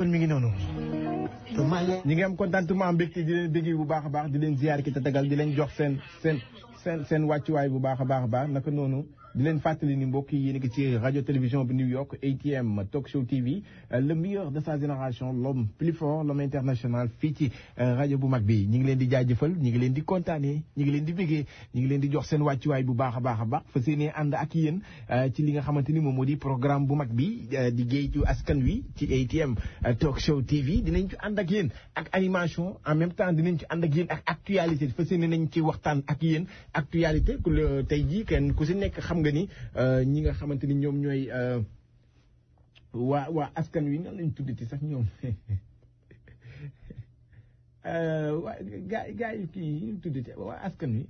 kon mi ngi noonu ñi ngi am contentement mbégte di leen béggi bu baax a baax di leen ziyaar ki te tegal di leen jox seen seen seen seen wàccuwaay bu baax a baax a baax naka noonu di leen fàttali ni mbokk yi yéen a ngi ci radio télévision bi New York ATM Talk Show TV le meilleur de sa génération l'homme plus fort l'homme international fii ci euh, rajo bu mag bi ñi ngi leen di jaajëfal ñi ngi leen di kontaanee ñi ngi leen di bégee ñi ngi leen di jox seen wàccuwaay bu baax a baax a baax fa seenee ànd ak yéen euh, ci li nga xamante ni moom moo di programme bu mag bi euh, di géeju askan wi ci ATM Talk Show TV dinañ ci ànd ak yéen ak animation en même temps dinañ ci ànd ak ak actualité fa seenee nañ ci waxtaan ak yéen actualité nekk xam nga euh, ñi nga xamante ni ñoom ñooy euh, waa waa askan wi nan lañ tuddati sax ñoom euh, waa gaa gaa kii ñu tuddati waa askan wi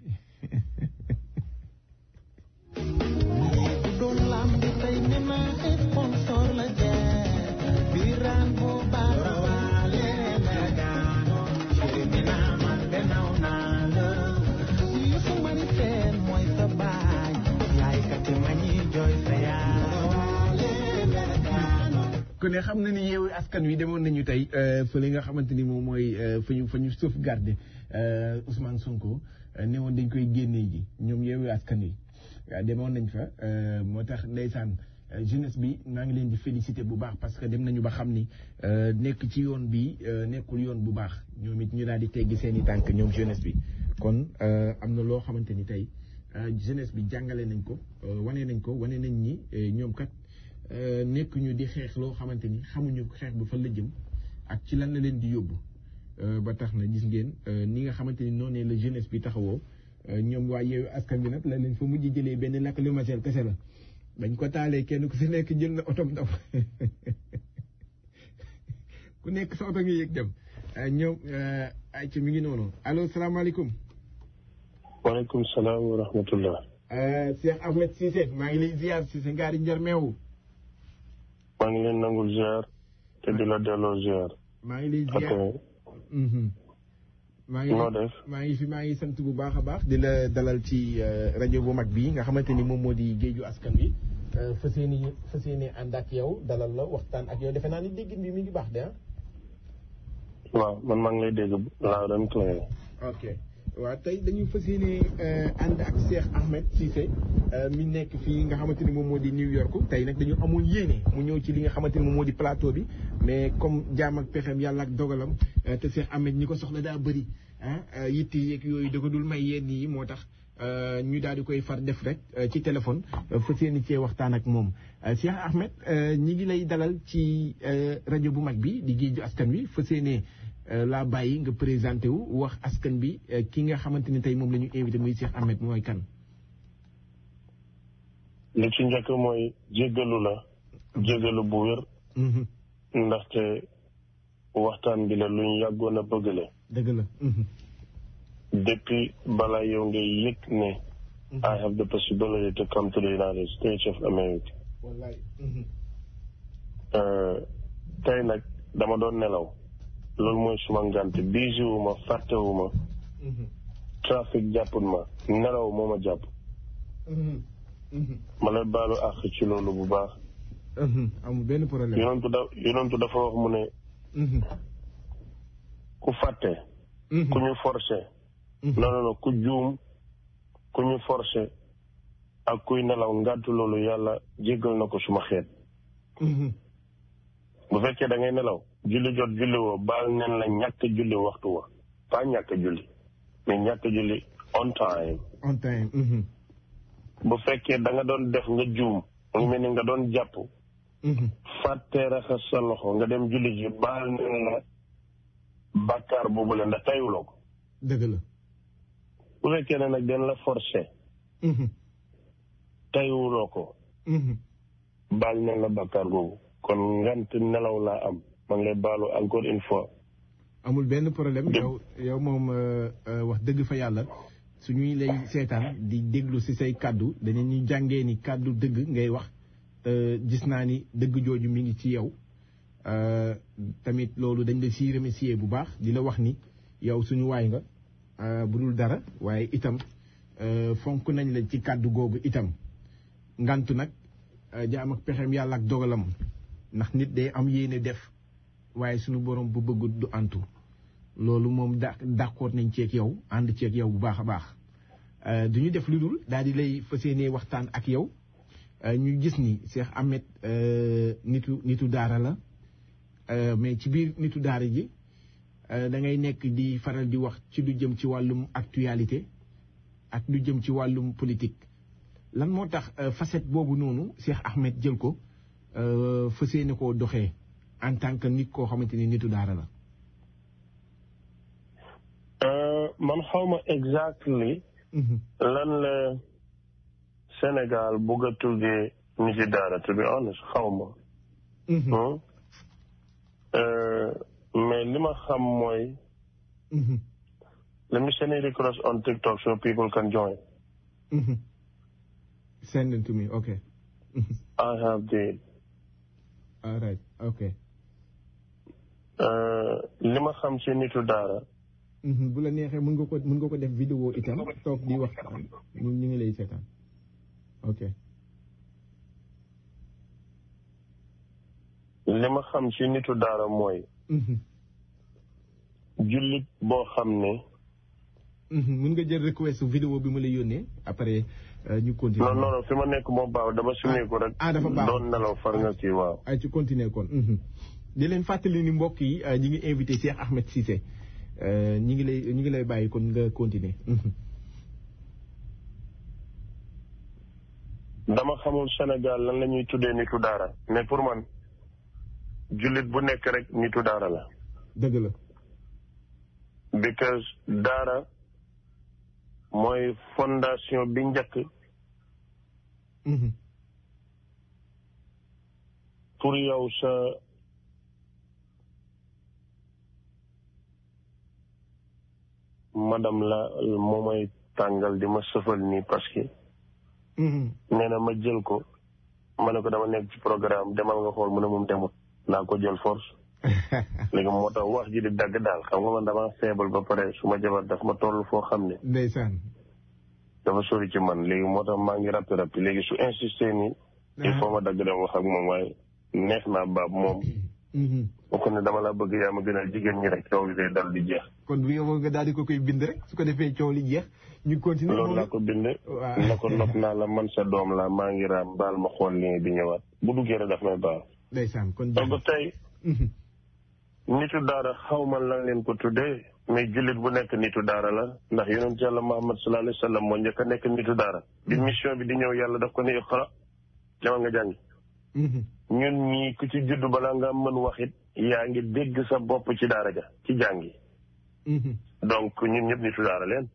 ku xam na ni yeewu askan wi demoon nañu tey euh, fële nga xamante ni moom mooy euh, fa ñu fa ñu sauvegarder euh, Ousmane Sonko ne woon dañ koy génnee ji ñoom yeewu askan wi demoon nañ fa moo tax ndeysaan jeunesse bi maa ngi leen di féliciter bu baax parce que dem nañu ba xam ni nekk ci yoon bi nekkul yoon bu baax ñoom it ñu daal di teggi seen i tànk ñoom jeunesse bi kon am na loo xamante ni tey jeunesse bi jàngale nañ ko wane nañ ko wane nañ ni ñoom kat. Euh, nekk ñu di xeex loo xamante ni xamuñu xeex bu fa la jëm ak ci lan la leen di yóbbu euh, ba tax na gis ngeen euh, ni nga xamante ni noonee la jeunesse bi taxawoo ñoom waa yeewu askan bi nag la leen fa mujj jëlee benn lakk lu machel kese la dañ ko taalee kenn ku si nekk jël na otom daf ku nekk sa oto ngi yëg dem ñoom ay ci mi ngi noonu aloo salaamaaleykum waaleykum salaam wa rahmatullah Cheikh Ahmed Cissé maa ngi lay ziar Cissé ngaari njar meewu maa ngi leen nangul ziar te di la delloo ziar. maa ngi lay ziar mhm. maa ngi maa ngi fi maa ngi sant bu baax a baax di la dalal ci euh, rajo bu mag bi nga xamante ni moom moo di géeju askan wi. Euh, fas yéene fas yéene ànd ak yow dalal la waxtaan ak yow defe naa ni déggin bi mi ngi baax de ah. waaw man maa ngi lay dégg laa dem ok. waaw tey dañuy fas yéene euh, ànd ak Cheikh Ahmed Cissé euh, mi nekk fii nga xamante ni moom moo di New York tey nag dañu amoon yéene mu ñëw ci li nga xamante ni moom moo di plateau bi mais comme jaam ak pexeem yàlla ak dogalam euh, te Cheikh Ahmed ñi ko soxla daa bëri ah yitt yeeg yooyu da dul may yenn yi moo tax ñu daal di koy far def rek ci téléphone fas yéene cee waxtaan ak moom Cheikh Ahmed ñi ngi lay dalal ci rajo bu mag bi di géeju askan wi fas yéene Euh, laa bàyyi nga présenté wu wax askan bi euh, ki nga xamante ni tey moom la ñu invité muy Cheikh Ahmed mooy kan. li ci njëkk mooy jéggalu la. jéggalu bu wér. Mm-hmm. ndaxte waxtaan bi la lu yàggoon a bëgg la. dëgg la. Mm-hmm. depuis balaa yow ngay yëg ne. Mm-hmm. I have the possibility to come to the States of America. Euh, tey nag dama doon nelaw. loolu mooy suma ngant biisewu ma fàttewu ma mhm. trafic jàpput ma nelaw moo ma jàpp mhm. Mhm. ma la baalu àq ci loolu bu baax amul dafa wax mu ne ku fàtte ku ñu forcé non non ku juum ku ñu forcé ak kuy nelaw ngàntu loolu yàlla jéggal na ko suma xeet bu fekkee dangay nelaw julli jot julli woo baal nen la ñàkk julli waxtu wa pas ñàkk julli mais ñàkk julli on time mhm. bu fekkee da nga doon def nga juum mu ngi nga doon jàpp mhm. fàttee raxas sa loxo nga dem julli ji baal nen la bàkkaar boobu la ndax tayuloo ko bu fekkee ne nag den la forcé mhm. tayuloo ko baal nen la bàkkaar boobu kon ngant nelaw laa am maa ngi lay baalu encore une fois. amul benn problème yow yow moom euh, euh, wax dëgg fa yàlla su ñuy lay seetaan di déglu si say kàddu dañu ñuy jàngee ni kàddu dëgg ngay wax euh, gis naa ni dëgg jooju mi ngi ci yow tamit loolu dañ la siy remercier bu baax di la wax ni yow suñu waay nga bu dul dara waaye itam fonk nañ la ci kàddu googu itam ngant nag jaam pexem yàlla ak dogalam ndax nit day am yéene def waaye suñu borom bu bëggut du antu loolu moom da d'accord nañ ceeg yow ànd ceeg yow bu baax a baax euh, du ñu def lu dul daal lay fas yéenee waxtaan ak yow euh, ñu gis ni Cheikh Ahmed euh, nitu nitu daara la mais ci biir nitu daara ji da ngay nekk di faral di wax ci lu jëm ci wàllum actualité ak lu jëm ci wàllum politique lan moo tax facette boobu noonu Cheikh Ahmed jël ko fas yéene ko doxee en tant que nit koo xamante ni nitu daara la. Euh, man xawma exactly mhm. lan la Sénégal bugg a tuggee daara to be honest xawma mhm. hmm? euh, mais li ma xam mooy mhm. la me send a request on TikTok so people can join send to me okay I have the all Euh, li ma xam ci nitu daara. Mhm, bu la neexee mën nga ko mën nga ko def vidéo itam toog di waxtaan ñu ñu ngi lay seetaan ok. li ma xam ci nitu daara mooy. Mhm. jullit boo xam ne. mën mhm, nga jël request vidéo bi mu lay yónnee après euh, ñu continuer. non non fi ma nekk moo baax dama sumeeku rek. ah, ah dafa baax doon nelaw far nga kii waaw. ay ci continuer kon. di leen fàttali ni mbokk yi euh, ñu ngi invité Cheikh Ahmed Cissé euh, ñi ngi lay ñi ngi lay bàyyi kon nga continuer dama xamul Sénégal lan la ñuy tuddee nitu daara mais pour man jullit bu nekk rek nitu daara la dëgg la because daara mooy fondation bi njëkk mm-hmm. pour yow sa madame la moo may tàngal di ma sëfal nii parce que. Mm-hmm. na ma jël ko ma ne ko dama nekk ci programme demal nga xool mu ne moom demut naa ko jël force. léegi moo tax wax ji di dagg daal xam nga man damaa faible ba pare su ma jabar daf ma toll foo xam ne. ndeysaan. dafa sori ci man léegi moo tax maa ngi rappi rappi léegi su insister nii. il ah. faut ma dagg dem wax ak moom waaye neex naa baab moom. Mm-hmm. Mhm. boo ko ne dama la bëgg yaa ma gënal jigéen ñi rek coow li day dal di jeex. kon bu ngeen nga daal di ko koy bind rek su ko defee coow li jeex. ñu continuer loolu laa ko bind. waaw na ko nopp naa la man sa doom la maa ngi raam baal ma xool li bi ñëwaat. bu duggee rek daf may baal. ndeysaan kon donc tey. Mhm. nitu daara xaw ma lan leen ko tuddee. mais jullit bu nekk nitu daara la ndax yonent yàlla Muhammad sa alayhi wa sallam moo njëkk a nekk nitu daara. bi mhm. mission bi di ñëw yàlla daf ko ne iqra. nga jàngi. Mm-hmm. ñun ñii ku ci judd bala nga mën waxit yaa ngi dégg sa bopp ci daara ja ci jàngi mm-hmm. donc ñun ñëpp nitu daara leen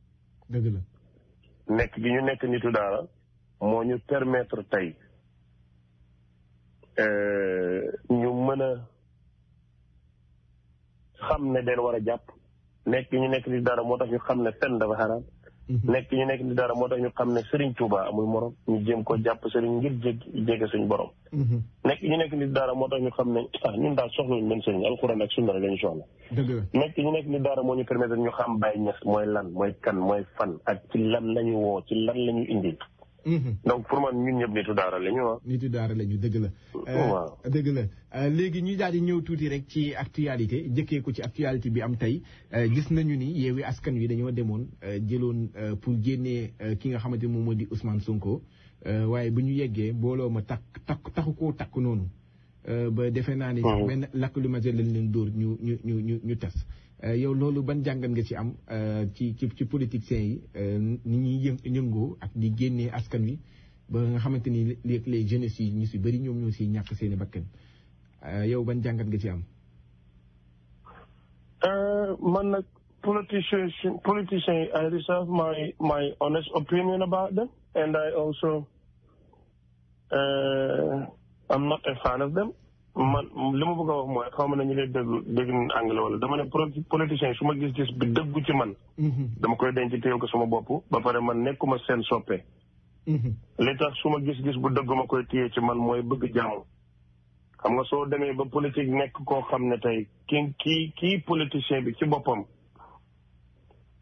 nekk gi ñu nekk nitu daara moo ñu permetre tey euh, ñu mën a xam ne den war a jàpp nekk ñu nekk nitu daara moo tax ñu xam ne fen dafa xaraam Mm-hmm. nekk ñu nekk ni dara moo tax ñu xam ne Serigne Touba amul morom ñu jéem ko jàpp Serigne ngir jég jege suñ borom. Mm-hmm. nekk ñu nekk ni dara moo tax ñu xam ne ah ñun daal soxla ñu mën Serigne alxuraan ak sunna la ñu soxla. nekk ñu nekk ni dara moo ñu permettre ñu xam Baye Niass mooy lan mooy kan mooy fan ak ci lan la ñu woo ci lan la ñu Mhm. donc pour man ñun ñëpp nitu daara la ñu ah. nitu daara la dëgg la. Mm-hmm. Euh, dëgg la euh, léegi ñu daal di ñëw tuuti rek ci actualité jëkkee ko ci actualité bi am tey euh, gis nañu ni yeewi askan wi dañoo demoon jëloon pour génnee ki nga xamante moom moo di Ousmane Sonko waaye bu ñu yeggee booloo ma takk takk taxu ko takk noonu. ba defe naa ni. Mm-hmm. benn lakk lu ma lañ leen dóor ñu ñu ñu ñu ñu tas. Euh, yow loolu ban jàngat nga ci am euh, ci ci ci politiciens yi euh, ni ñuy yë ak di génnee askan wi ba nga xamante ni léeg les jeunes yi ñu si bëri ñoom ñoo si ñàkk seeni i bakkan yow ban jàngat nga ci am. man nag politicians politicians I reserve my my honest opinion about them and I also uh, not a fan of them. man li ma bëgg a wax mooy xaw ma ne ñu lay déglu dégg anglais wala dama ne politicien su ma gis-gis bi dëggu ci man. Mm-hmm. dama koy denc téye ko sama bopp ba pare man nekkuma seen soppe. Mm-hmm. li tax su ma gis-gis bu dëggu ma koy téye ci man mooy bëgg jàmm. xam nga soo demee ba politique nekk koo xam ne tey ki kii kii politicien bi ci boppam.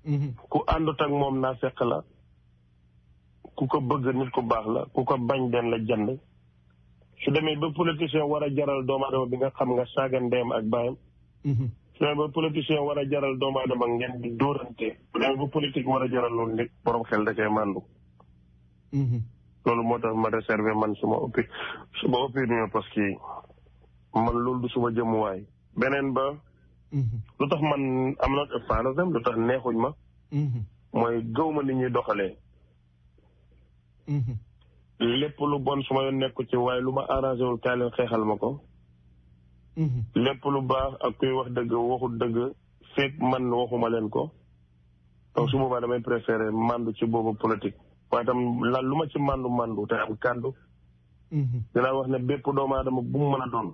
Mm-hmm. ku àndut ak moom naa fekk la ku ko bëgg nit ku baax la ku ko bañ den la jënd. su demee ba politicien war a jaral doomu aadama bi nga xam nga saaga ndeyam ak baayam. Mhm. su demee ba politicien war a jaral doomu aadama ngeen di dóorante. su demee ba politique war a jaral loolu nit borom xel da cee màndu. Mhm. loolu moo tax ma réservé man suma oppi suma opinion parce que man loolu du suma jëmuwaay. beneen ba. Mhm. lu tax man am not a fan of them lu tax neexuñ ma. mooy gëw ma ni ñuy doxalee. lépp lu bon su ma yoon nekku ci waaye lu ma arrangé wul kaay leen xeexal ma ko. Mhm. lépp lu baax ak kuy wax dëgg waxul dëgg feeg man waxuma leen ko. donc su boobaa damay préféré mandu ci boobu politique waaye tam lan lu ma ci mandu mandu te am kàddu. Mhm. dinaa wax ne bépp doomu aadama bu mu mën a doon.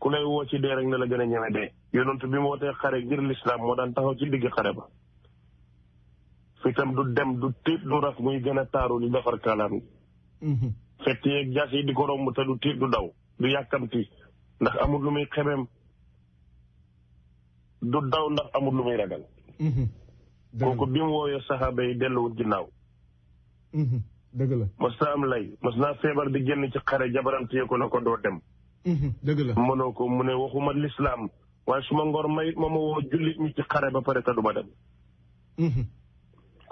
ku lay woo ci dee rek ne la gën a ñeme dee. yonent bi mu wootee xare ngir lislaam moo daan taxaw ci digg xare ba. fitam du dem du tiit du ras muy gën a taaru di defar kaalaam gi mhm. fett yeeg jas yi di ko romb te du tiit du daw du yàkkamti ndax amul lu muy xemeem du daw ndax amul lu muy ragal mhm. kooku bi mu woowee saxaaba yi delluwul ginnaaw mhm. dëgg mas naa am lay mas naa feebar di génn ci xare jabaram téye ko na ko doo dem dëgg la ko mu ne waxuma lislaam waaye su ma ngor mayit ma ma woo jullit ñi ci xare ba pare te du ma dem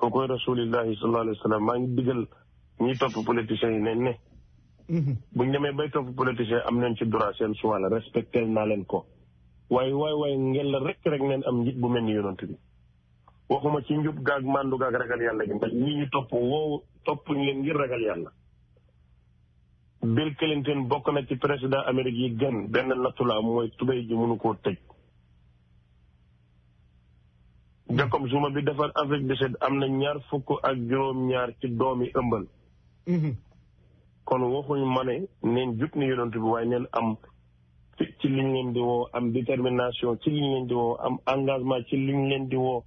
kookoy rasulillahi sallallahu alayhi wa maa ngi digal ñiy topp politiciens yi ne ne. Mhm. buñ demee bay topp politiciens am nañ ci droit seen choix la naa leen ko. waaye waay waay ngeen la rek rek neen am njit bu mel ni yonent bi waxuma ci njub gaag màndu gaag ragal yàlla gi ndax ñi ñu topp woow toppuñ leen ngir ragal yàlla. Bill Clinton bokk na ci président Amérique yi gën benn nattu la am mooy tubéy ji mënu koo tëj. Jacob Zuma bi defar Afrique du am na ñaar fukk ak juróom-ñaar ci doomi ëmbal. Mhm. kon waxuñ ma ne neen jut ni yonent bi waaye neen am ci liñ leen di woo am détermination ci liñ leen di woo am engagement ci liñ leen di woo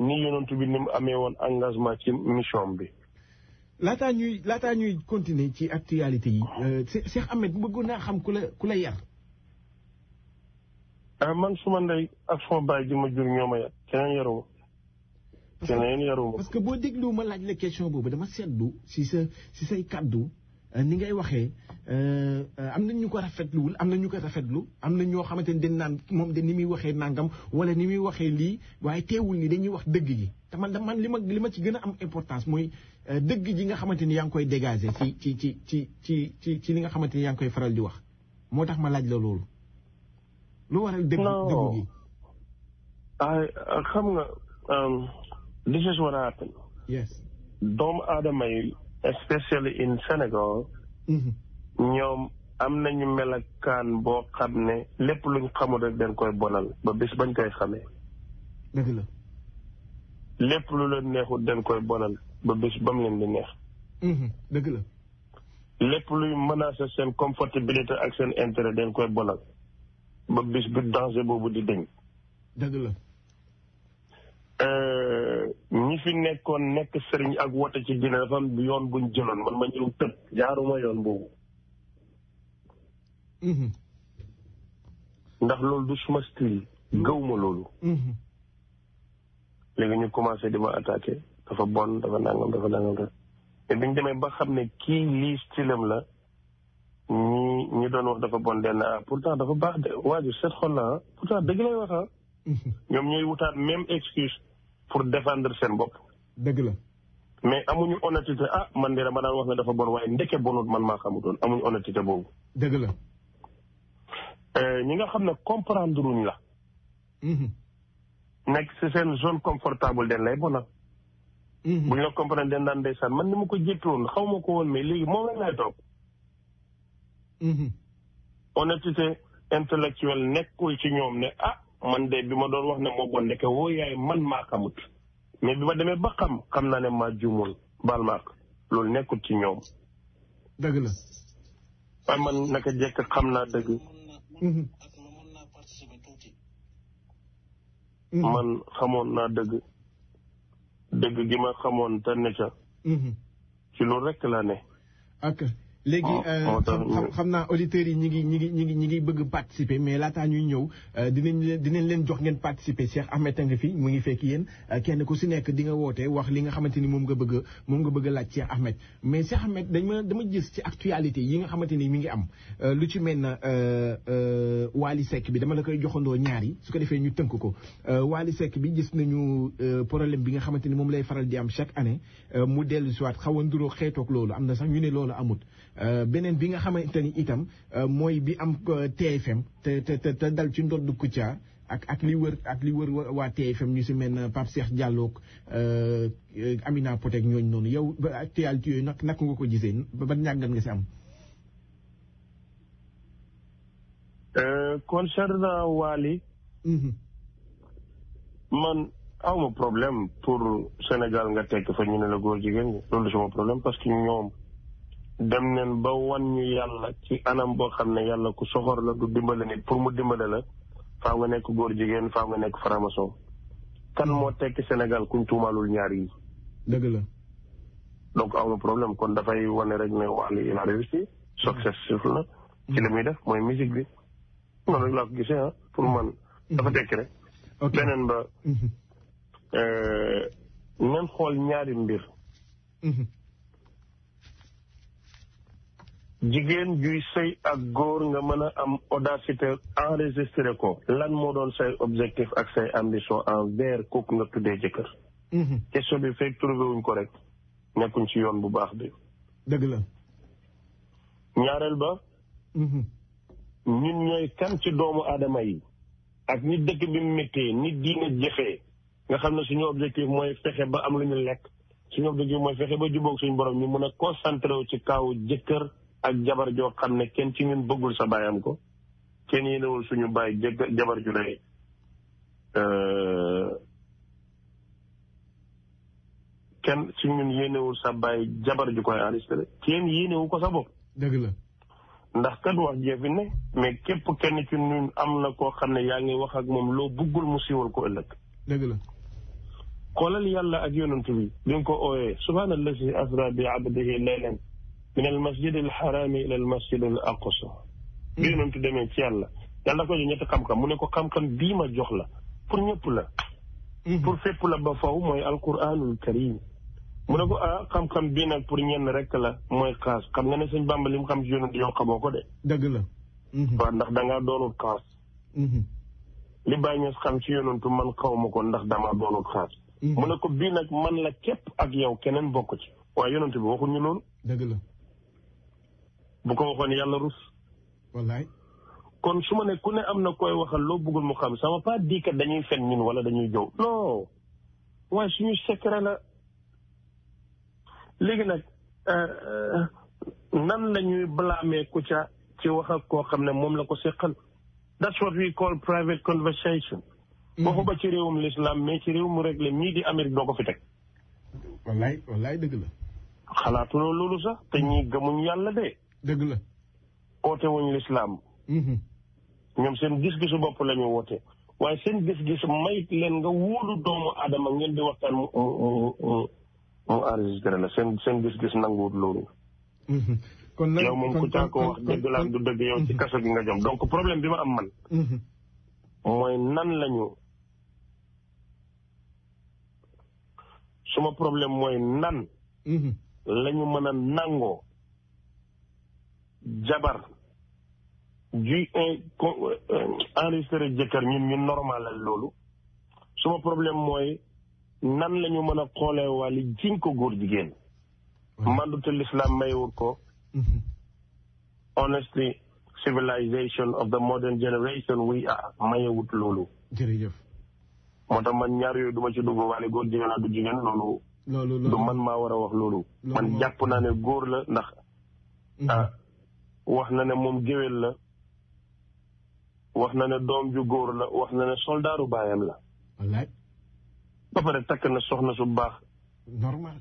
ni yonent bi ni mu amee woon engagement ci mission bi. laataa ñuy laataa ñuy continuer ci actualité yi. Euh, Cheikh Ahmed bëggoon naa xam ku la ku la yar. Ah, man suma ndey ak suma baay ji ma jur ñoo ma yar keneen yaruma keneen yaruma parce que boo déglu ma laaj la question boobu dama seetlu si sa si say kàddu euh, ni ngay waxee euh, am na ñu ko rafetluwul am na ñu ko rafetlu am na ñoo xamante ni dañ naan moom de ni muy waxee nangam wala ni muy waxee lii waaye teewul ni dañuy wax dëgg ji te man da man li ma li ma ci gën a am importance mooy euh, dëgg ji nga xamante ni yaa ngi koy dégager ci ci ci ci ci ci ci li nga xamante ni yaa ngi koy faral di wax moo tax ma laaj la loolu lu waral dëgg dëgg gi. Ah, xam nga um, this doomu aadama yi especially in Sénégal. Mm-hmm. ñoom am nañu melekaan boo xam ne lépp luñ xamul rek dañ koy bonal ba bis bañ koy xamee. lépp lu leen neexut dañ koy bonal ba bis ba mu leen di neex. Mm-hmm. dëgg la. lépp luy menacer seen confortabilité ak seen intérêt dañ koy bonal. ba bis bi danger boobu di dëñ dëgg la euh, ñi fi nekkoon nekk sëriñ ak wote ci dina dafa yoon buñ jëloon man ma ñëw tëb jaaruma yoon boobu mhm. ndax loolu du suma style mhm. gëwuma loolu mhm. léegi ñu commencé di ma attaqué dafa bon dafa nangam dafa nangam te biñ demee ba xam ne kii lii stylam la ñi ñi doon wax dafa bon denn pour pourtant dafa baax de waaju set xol la pourtant dëgg lay wax ah. ñoom ñooy wutaat même excuse pour defendre seen bopp. dëgg la. mais amuñu honnêteté ah man de ma daan wax ne dafa bon waaye ndeke bonut man maa doon amuñu honnêteté boobu. dëgg la. Euh, ñi nga xam ne comprendre luñ la. Mm-hmm. nekk si seen zone confortable den lay bona mm-hmm. buñ la comprendre den daan ndeysaan man ni ma ko jëkkoon xaw ma ko woon mais léegi moom rek laay Mm-hmm. honnêteté intellectuelle nekkul ci ñoom ne ah man de bi ma doon wax ne moo bon ndeke woo yaay man maa xamut mais bi ma demee ba xam xam naa ne maa juumoon baal maak loolu nekkul ci ñoom dëgg la waaye man naka jekk xam naa dëgg mm-hmm. Mm-hmm. man xamoon naa dëgg dëgg gi ma xamoon te ne ca ci loolu rekk laa ne léegi ah, euh, xam naa auditeurs yi ñi ngi ñi ngi ñi ngi ñi ngi bëgg participer mais laataa ñuy ñëw euh, dinañ leen dinañ leen jox ngeen participer Cheikh Ahmed a nga fi mu ngi fekk yéen euh, kenn ku si nekk di nga woote wax li nga xamante ni moom nga bëgg moom nga bëgg a laaj mais Cheikh Ahmed dañ ma dama gis ci actualité yi nga xamante ni mi ngi am lu ci mel na Wally Seck bi dama la koy joxandoo ñaari su ko defee ñu tënk ko Wally Seck bi gis nañu problème bi nga xamante ni moom lay faral di am chaque année mu dellu siwaat xaw a nduroo xeetoog loolu am na sax ñu ne loolu amut Euh, beneen bi nga xamante itam euh, mooy bi am euh, TFM te te te dal ci ndodd Kouthia ak ak wër ak li wër waa TFM ñu si mel ne Pape Cheikh Diallo Amina Potek ñooñu noonu yow actualité yooyu nag naka nga ko gisee ba ñàggal nga si am. concernant Wally mm-hmm. man awma problème pour Sénégal nga tekk fa ñu ne la góor jigéen loolu suma problème parce que ñoom. dem neen ba wan ñu yàlla ci anam boo xam ne yàlla ku soxor la du dimbale nit pour mu dimbale la faaw nga nekk góor jigéen faaw nga nekk faramason kan moo tekki Sénégal kuñ tuumaalul ñaar yi dëgg la donc aw na problème kon dafay wane rek ne Wally il a réussi successif la ci li muy def mooy musique bi man rek laa ko gisee ah pour man dafa mhm. tekki rek beneen ba mhm. euh, ngeen xool ñaari mbir mhm. jigéen juy sëy ak góor nga mën a am audacité enregistré ko lan moo doon say objectif ak say ambition envers kooku nga tuddee jëkkër mhm. question bi fekk trouvé wuñ ko rek nekkuñ ci yoon bu baax bi dëgg la ñaareel ba mhm. ñun ñooy kan ci doomu aadama yi ak ñi dëkk bi mu méttee ñi diina jëfee nga xam ne suñu objectif mooy fexe ba am lu ñu lekk suñu objectif mooy fexe ba jubóog suñ borom ñu mën a concentré wu ci kaw jëkkër ak jabar joo xam ne kenn ci ñun bëggul sa baay ko kenn yéenewul suñu baay jabar ju rey euh, kenn ci ñun yéenewul sa baay jabar ju koy enregistré kenn yéenewu ko sa bopp dëgg la ndax kat wax jeefi ne mais képp kenn ci ñun am na koo xam ne yaa ngi wax ak moom loo bëggul mu siiwal ko ëllëg dëgg la xoolal yàlla ak yonent bi bi nga ko ooyee subhaanallazi asra bi abdihi laylan min al masjid al xaraami ila al masjid al aqsa hmm. bi yonentu demee ci yàlla yàlla da ko jox ñetti xam-xam mu ne ko xam bii ma jox la pour ñëpp la hmm. fépp la ba faw mooy alquranul karim mu ne ko ah xam-xam bii nag pour ñenn rek la mooy xaas xam nga ne sëñ Bàmba li mu xam ci yonentu yow xamoo ko de dëgg la hmm. waaw ndax dangaa doonul xaas li xam ci yonentu man xaw ma ko ndax dama doonul xaas mu ne ko bii nag man la képp ak yow keneen bokk ci waaye yonentu bi waxuñu loolu dëgg la bu ko waxoon yàlla rus. kon su ma ne ku ne am na koy waxal loo bëggul mu xam sama va pas kat que dañuy fen ñun wala dañuy jëw non waaye suñu secret la léegi nag euh, nan la ñuy blâmer ca ci wax koo xam ne moom la ko seqal. that's what we call private conversation. Mm-hmm. waxu ba ci réewum l'islam mais ci réew mu réglé ñii di Amérique doo ko fi teg. wallaay loolu sax te ñii gëmuñ yàlla de. dëgg la. oote wuñ lislaam. Mhm. ñoom seen gis-gisu bopp la ñu woote waaye seen gis-gis may leen nga wóolu doomu aadama ngeen di waxtaan mu mu mu mu enregistré la seen seen gis-gis nanguwut loolu. Mhm. kon nag yow moom ku caa ko wax dëgg laa du dëgg yow ci mhm. kaso gi nga jom donc problème bi ma am man. mooy nan lañu suma problème mooy nan. lañu mën a nangoo. jabar juy eh, eh, enregistré jëkkër ñun ñu normalal loolu suma problème mooy nan lañu mën a xoolee wàlli jiñ ko góor jigéen mm-hmm. mandute l'islam maywul ko mm-hmm. honestly civilization of the modern generation we are mayewut loolu jërëjëf moo tax man ñaar yooyu duma ci dugg wàlli góor jigéen ak du jigéen loolu du man maa war a wax loolu man jàpp naa ne góor la ndax mm-hmm. ah wax na ne moom géwél la wax na ne doom ju góor la wax na ne soldaaru baayam la ba pare takk na soxna su baax normal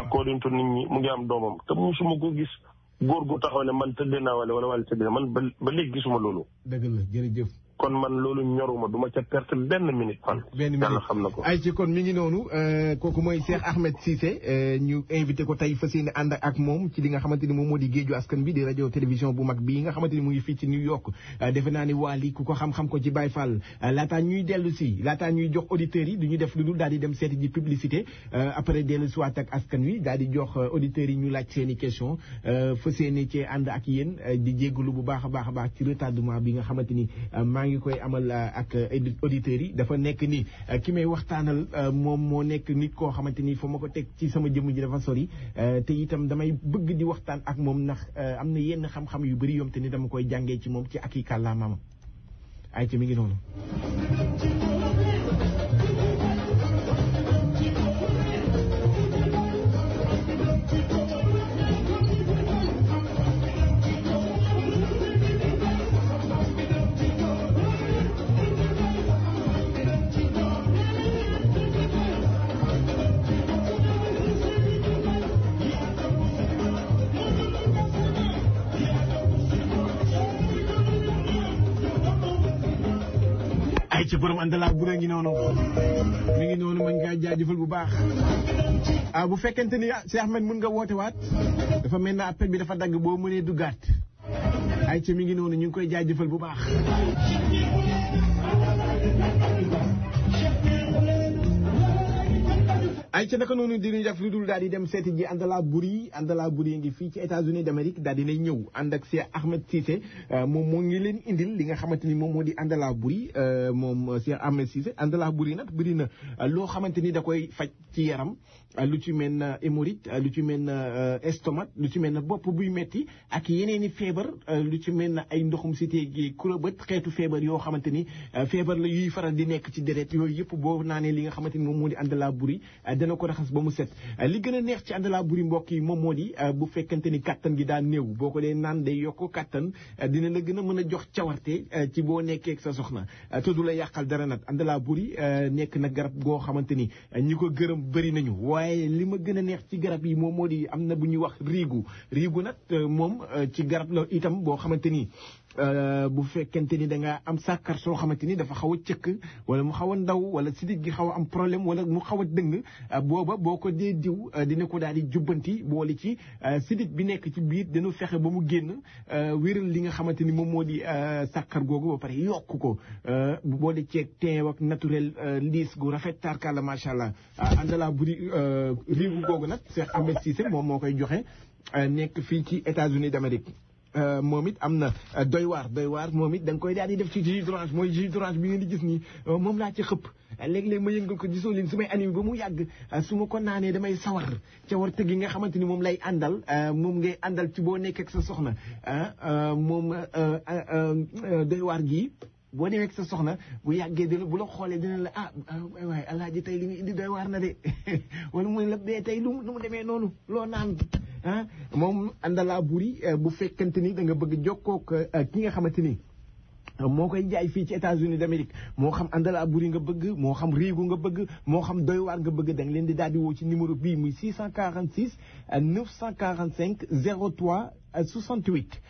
according to nit ñi mu ngi am doomam te mu suma ko gis góor gu taxaw ne man tëddee naa wala wala wala tëddee man ba léegi gisuma loolu dëgg la jërëjëf kon man loolu ñoruma duma ca perte benn minute fan. benn minute na ko. ay ci kon mi ngi noonu euh, kooku mooy Cheikh Ahmed Cissé euh, ñu invité ko tey fas yéene ànd ak moom ci li nga xamante ni moom moo di géeju askan bi di rajo télévision bu mag bi nga xamante ni mu ngi fii ci New York euh, defe naa ni waa lii ku ko xam-xam ko ci Baye Fall laataa ñuy dellu si laataa ñuy jox auditeurs yi du ñu def lu dul daal di dem seeti ji publicité après dellu si waat ak askan wi daal di jox auditeurs yi ñu laaj seen i question fas yéene cee ànd ak yéen di jégalu bu baax a baax a baax ci retardement bi nga xamante ni ngi koy amal euh, ak euh, auditeurs yi dafa nekk nii euh, ki may waxtaanal moom moo nekk nit koo xamante ni foo ma ko teg ci sama jëmm ji dafa sori te itam damay bëgg di waxtaan ak moom ndax am na yenn xam-xam yu bëri yoom te ni dama koy jàngee ci moom ci ak i ay ci mi ngi noonu ci borom àndalaa buré ngi noonu mi ngi jaajëfal bu baax ah bu fekkente ni ah, Cheikh Ahmed mën nga woote waat dafa mel na appel bi dafa dagg boo mënee duggaat ay ci mi ngi noonu ñu ngi koy jaajëfal bu baax ay ca naka noonu dinañ def lu dul daal di dem seeti ji Andala Boury Andala Boury ngi fii ci États-Unis d'Amérique daal dinay ñëw ànd ak Cheikh Ahmed Cissé euh, moom moo ngi leen indil li nga xamante ni moom moo di Andala Boury euh, moom euh, Cheikh Ahmed Cissé Andala Boury nag bëri na loo xamante ni da koy faj ci yaram euh, lu ci mel na euh, hémorroïde euh, lu ci mel na estomac lu ci mel na bopp buy metti ak yeneeni feebar lu ci mel na ay ndoxum cité gi kurabët xeetu feebar yoo xamante ni feebar la yuy faral di nekk ci deret yooyu yëpp boo naanee li nga xamante ni moom moo di àndalaa buri dana ko raxas ba mu set li gën a neex ci àndalaa buri mbokk yi moom moo di bu fekkante ni kàttan gi daan néew boo ko dee naan day yokk kàttan dina la gën a mën a jox cawarte ci boo nekkee sa soxna du la yàqal dara nag àndalaa buri nekk na garab goo xamante ni bëri nañu waaye li ma gën a neex ci garab yi moom moo di am na bu ñuy wax riigu riigu nag euh, moom euh, ci garab la itam boo xamante ni Euh, bu fekkente ni da nga am sàkkar soo xamante ni dafa xaw a cëkk wala mu xaw a ndaw wala sidit gi xaw a am problème wala mu xaw a dëng euh, booba boo ko dee diw euh, dina ko daal di jubbanti boole ci sidit bi nekk ci biir dina fexe ba mu génn wéral li nga xamante ni moom moo di sàkkar googu ba pare yokk ko boole ceeg teew ak naturel liis gu rafet tarkalla macha allah a àndalaa buri riigu googu nag Cheikh Ahmed Cissé moom moo koy joxe nekk fii ci États-Unis d'Amérique Euh, moom it am na euh, doy waar doy waar moom it danga koy daal di def ci jus d'orange mooy jus d'orange bi ngeen di gis nii oh, moom laa ci xëpp euh, léeg-léeg ma yëngal ko gisoo leen su may animé ba mu yàgg su ma kon naanee damay sawar ca war tëgg nga xamante ni moom lay àndal moom ngay àndal ci boo nekk ak sa soxna ah, moom doy waar gii boo ñëwee ak sa soxna bu yàggee dina bu la xoolee dina la ah, ah, ah waaye alaaji tey li mu indi doy waar na de wala mu ne la bee tey lu mu demee noonu loo naan ah moom àndalaa buri eh, bu fekkante ni da nga bëgg jokkook eh, ki nga xamante ni. Eh, moo koy jaay fii ci États-Unis d'Amérique moo xam àndala buri nga bëgg moo xam riigu nga bëgg moo xam doy waar nga bëgg da leen di daal di woo ci numéro bii muy 646 945 03 68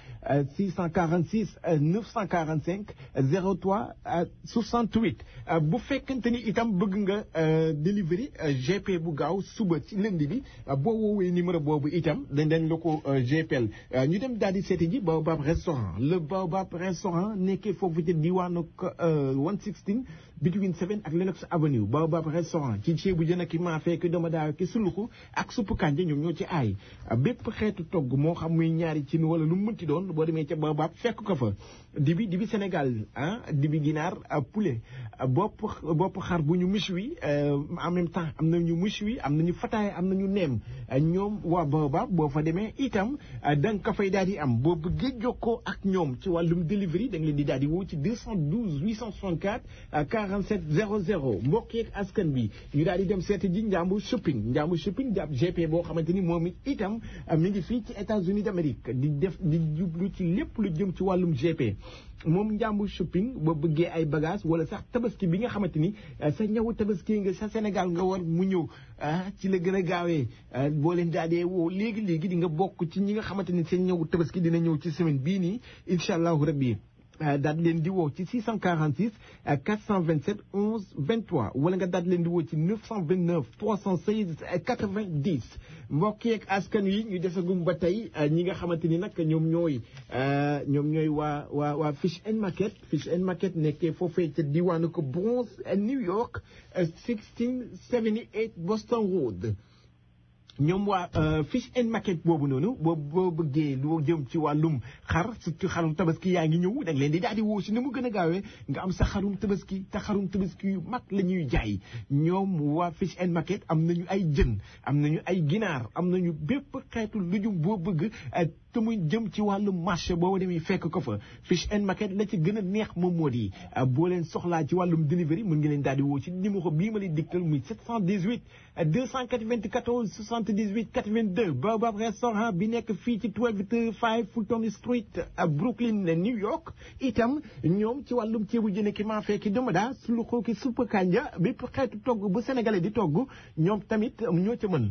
646 945 03 68 bu fekkente ni itam bëgg nga euh, délivrer euh, GP bu gaaw suba ci lundi bi euh, boo woowee numéro boobu itam dañ leen la ko GPL ñu dem daal di seeti ji Baobab restaurant le Baobab restaurant nekkee foofu ci diwaanu 116 between 7 ak Lenox Avenue Baobab restaurant ci ceebu jën ak i maafe ki dama daaw ki suluxu ak suppu kànja ñoom ñoo ci aay bépp xeetu togg moo xam muy ñaari cin wala lu mënti doon boo demee ca Baobab fekk ko fa dibi dibi Sénégal ah dibi ginaar euh, poulet euh, bopp bopp xar bu ñu mus wi euh, en même temps am na ñu mus wi am na ñu fataay am na ñu neem ñoom waa Baobab boo fa demee itam da nga fay daal di am boo bëggee jokkoo ak ñoom ci wàllum delivery da leen di daal di woo ci 212 864 47 00 mbokk yeeg askan bi ñu daal di dem seeti ji njàmbu shopping njàmbu shopping di ab GP boo xamante ni moom itam mi ngi fii ci États-Unis d'Amérique di def di jublu ci lépp lu jëm ci wàllum GP. moom njàmbur shopping boo bëggee ay bagage wala sax tabaski bi nga xamante ni euh, sa ñëw tabaski nga sa Sénégal nga war mu ñëw ah ci la gën a gaawee euh, boo leen daal dee woo léegi léegi di nga bokk ci ñi nga xamante ni seen ñëw tabaski dina ñëw ci semaine bii nii incha allahu rabbi Euh, daal leen di woo ci 646 427 11 23 wala nga daal leen di woo ci 929 316 90 mbokk yeeg askan wi ñu desagum ba tey euh, ñi nga xamante ni nag ñoom ñooy euh, ñoom ñooy waa waa waa Fish and Market Fish and Market nekkee foofee ca diwaanu ko Bronx New York 1678 Boston Road ñoom waa euh, fiche and maquette boobu noonu boo boo bëggee lu jëm ci wàllum xar surtout xarum tabaski yaa ngi ñëw da nga leen di daal di woo si ni mu gën a gaawee nga am sa xarum tabaski te xarum tabaski yu mag la ñuy jaay ñoom waa fiche and maquette am nañu ay jën am nañu ay ginaar am nañu bépp xeetu lujum boo bëgg te muy jëm ci wàllu marché boobu demee fekk ko fa fiche en maquette la ci gën a neex moom moo di euh, boo leen soxlaa ci wàllum delivery mën ngi leen daal di woo ci numéro bii ma leen digtal muy 718 294 78 82 Baobab restaurant bi nekk fii ci 125 Fulton Street euh, Brooklyn New York itam ñoom ci wàllum ceebu jën ki maa fekki dama daa sulu xooki suppa kànja bépp xeetu togg bu sénégalais di togg ñoom tamit ñoo ca mën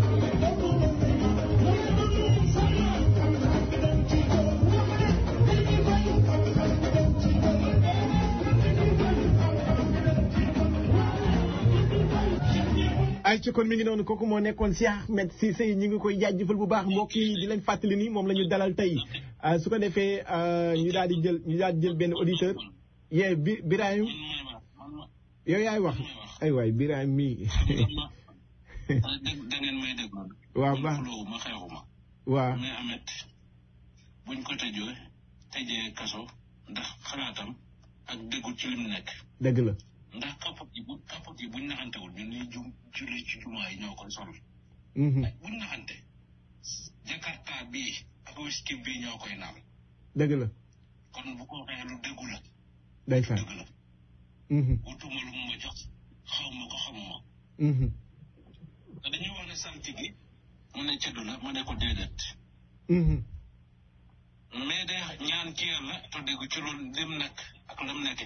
ay ci kon mi ngi noonu kooku moo nekkoon Cheikh Ahmed Cissé ñu ngi koy jaajëfal bu baax mbokk yi di leen fàttali nii moom lañu ñu dalal tey ah, su ko defee ah, ñu daal di jël ñu jël benn auditeur yee bi Birahim yaay wax ay waay Birahim mii waaw baax waaw buñ ko tëjee kaso ndax xalaatam ak dëggu ci lim nekk dëgg la ndax kapot yi bu kapot yi buñ naxantewul ñun ñuy jum julli ci jumaa yi ñoo koy solul mm-hmm. buñ naxante jakarta bii ak wiski bii ñoo koy naan dëgg la kon bu ko waxee lu day fa dëgg la mm-hmm. wutuma lu xaw ma ko xamuma mm-hmm. te dañuy wax ne ko de ñaan ki yàlla te dégg ci loolu lim nekk lam nekke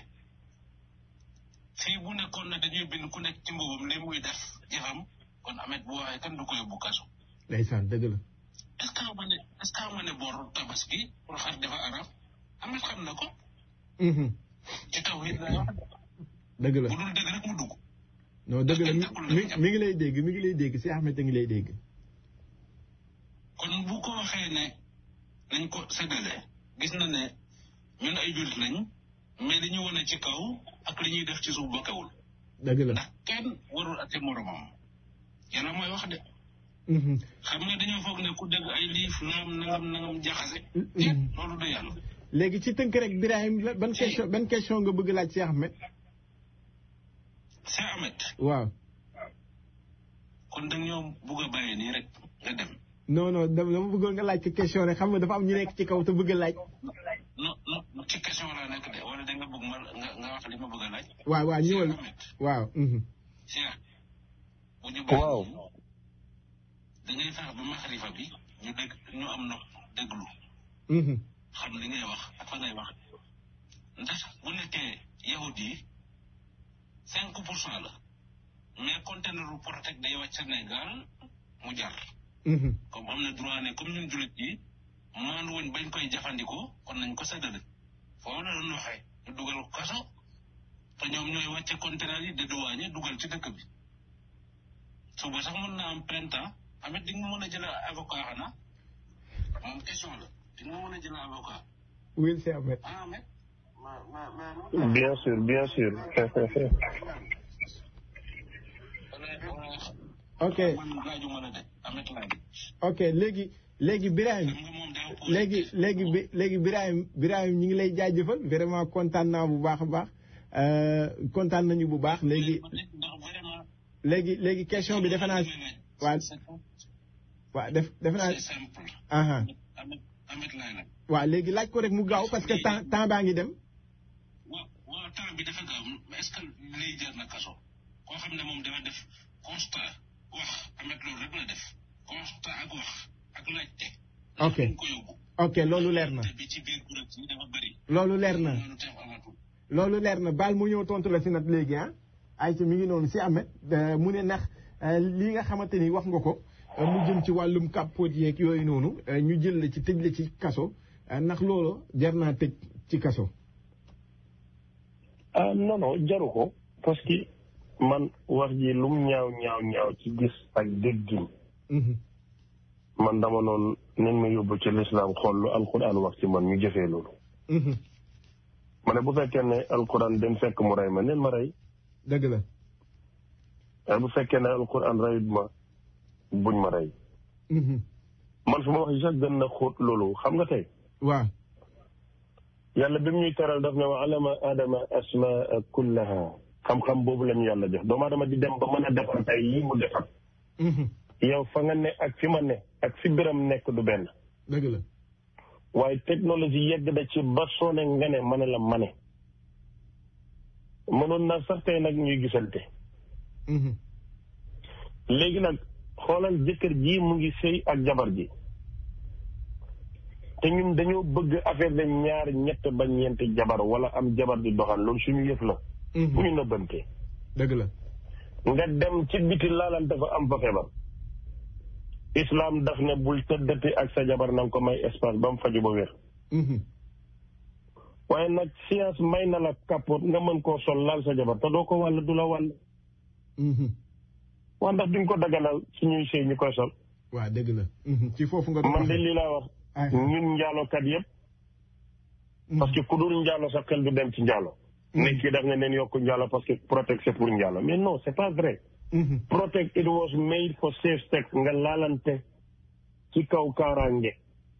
fii bu nekkoon ne dañuy bind ku nekk ci mbubam li muy def jëfam kon amet bu waxee kan du ko yóbbu kaso. dëgg la. est-ce que xam ne est tabaski pour xar dafa arab amet xam na ko. Mhm. ci taw dëgg la bu dul dëgg rek mu dugg. non dëgg la mi ngi lay dégg mi ngi lay dégg si Ahmed a ngi lay dégg. kon bu ko waxee ne nañ ko séddale gis na ne ñun ay jullit lañ. mais li ñu wane ci kaw ak li ñuy def ci suuf bokkewul. dëgg la ndax kenn warul ate moromam yàlla mooy wax de. Mm-hmm. xam nga dañoo foog ne ku dégg ay liif nangam nangam jaxase. Mm-hmm. léegi ci tënk rek Birahim la ban question ban nga bëgg laaj Cheikh Ahmed. Cheikh Ahmed. waaw. kon da ñoo bëgg nii rek nga dem. non non bëggoon nga laaj question rek xam nga dafa am ñu nekk ci kaw te bëgg laaj. non ci question laa nekk de. léegi nga bëgg ma nga nga wax li ma bëgg a laaj. waaw waaw ñëwal waaw. Mhm. Cheikh. bu da ngay fexe ba am nopp déglu. Mhm. xam li ngay wax ak ndax bu nekkee yahud yi cinq pour cent la mais conteneur bu protect day wàcc Sénégal mu jar. Mhm. comme am na droit ne comme ñun jullit yi maandu woon bañ koy jafandikoo kon nañ ko séddale foofu la doon waxee. ñu dugal kaso te ñoom ñooy wàcce conteneur yi dédouané dugal ci dëkk bi suba sax mën naa am printemps amit di nga mën a jël avocat xanaa moom question la di nga mën a jël avocat. oui c'est vrai. Ah, bien sûr bien sûr. ok ok léegi Birahim léegi léegi léegi Birahim Birahim ñu ngi lay jaajëfal vraiment kontaan naa bu baax a baax euh, kontaan nañu bu baax léegi léegi léegi question bi defe naa waa def defe aha waaw léegi laaj ko rek mu gaaw parce que temps temps baa ngi dem ak ok ok loolu leer na. loolu leer na. loolu leer na baal mu ñëw tontu la si nag léegi ah. ay ci mi ngi noonu si Ahmed euh, mu ne ndax euh, lii nga xamante ni wax nga ko euh, mu jëm ci wàllum kàppoot yeeg yooyu noonu ñu jël la ci tëj la ci kaso ndax loolu jar naa tëj ci kaso. ah jaru ko parce que man wax ji lum ñaaw ñaaw ñaaw ci gis ak déggin. Mhm. man dama noonu nañ ma yóbbu ci lislaam xool lu alquran wax ci man ñu jëfee loolu. Mhm. ma bu fekkee ne alquran dem fekk mu rey ma neen ma rey. Eh, fekkee mhm. man su wax sax gën na xóot loolu xam nga tey. waaw. yàlla bi mu ñuy teral daf ne wa alama adama asmaa kullaha xam-xam boobu la yàlla jox doomu aadama di dem ba mën a defar tey lii mu defar. Mhm. yow fa nga ne ak fi ma ne ak fi biram nekk du benn. dëgg waaye technologie yegg da ci ba soone nga ne ma ne la ma ne. mënoon naa sax tey nag ñuy gisante. Mhm. léegi nag xoolal jëkkër ji mu ngi sëy ak jabar ji. te ñun dañoo bëgg affaire de ñaar ñett ba ñeenti jabar wala am jabar di doxal loolu suñu yëf la. bu mhm. ñu nëbbante. la. nga dem ci biti laalante fa am fa feebar. islaam daf ne bul tëddati ak sa jabar na ko may espace ba mu faju ba wér mhm. waaye nag science may na la kàppoot nga mën koo sol laal sa jabar te doo ko wàll du la wàll mhm. waa ndax duñ ko daganal suñuy sëy ñu koy sol waa dëgg la mhm. ci foofu nga man de lii laa wax ah. ñun njaalookat yëpp parce ku dul njaalo sa xel du dem ci njaalo ne kii daf ne neen yokk njaalo parce que pour njaalo mais non c'est pas vrai Mm-hmm. protect it was made for safe sex nga laalante ci kaw kaaraange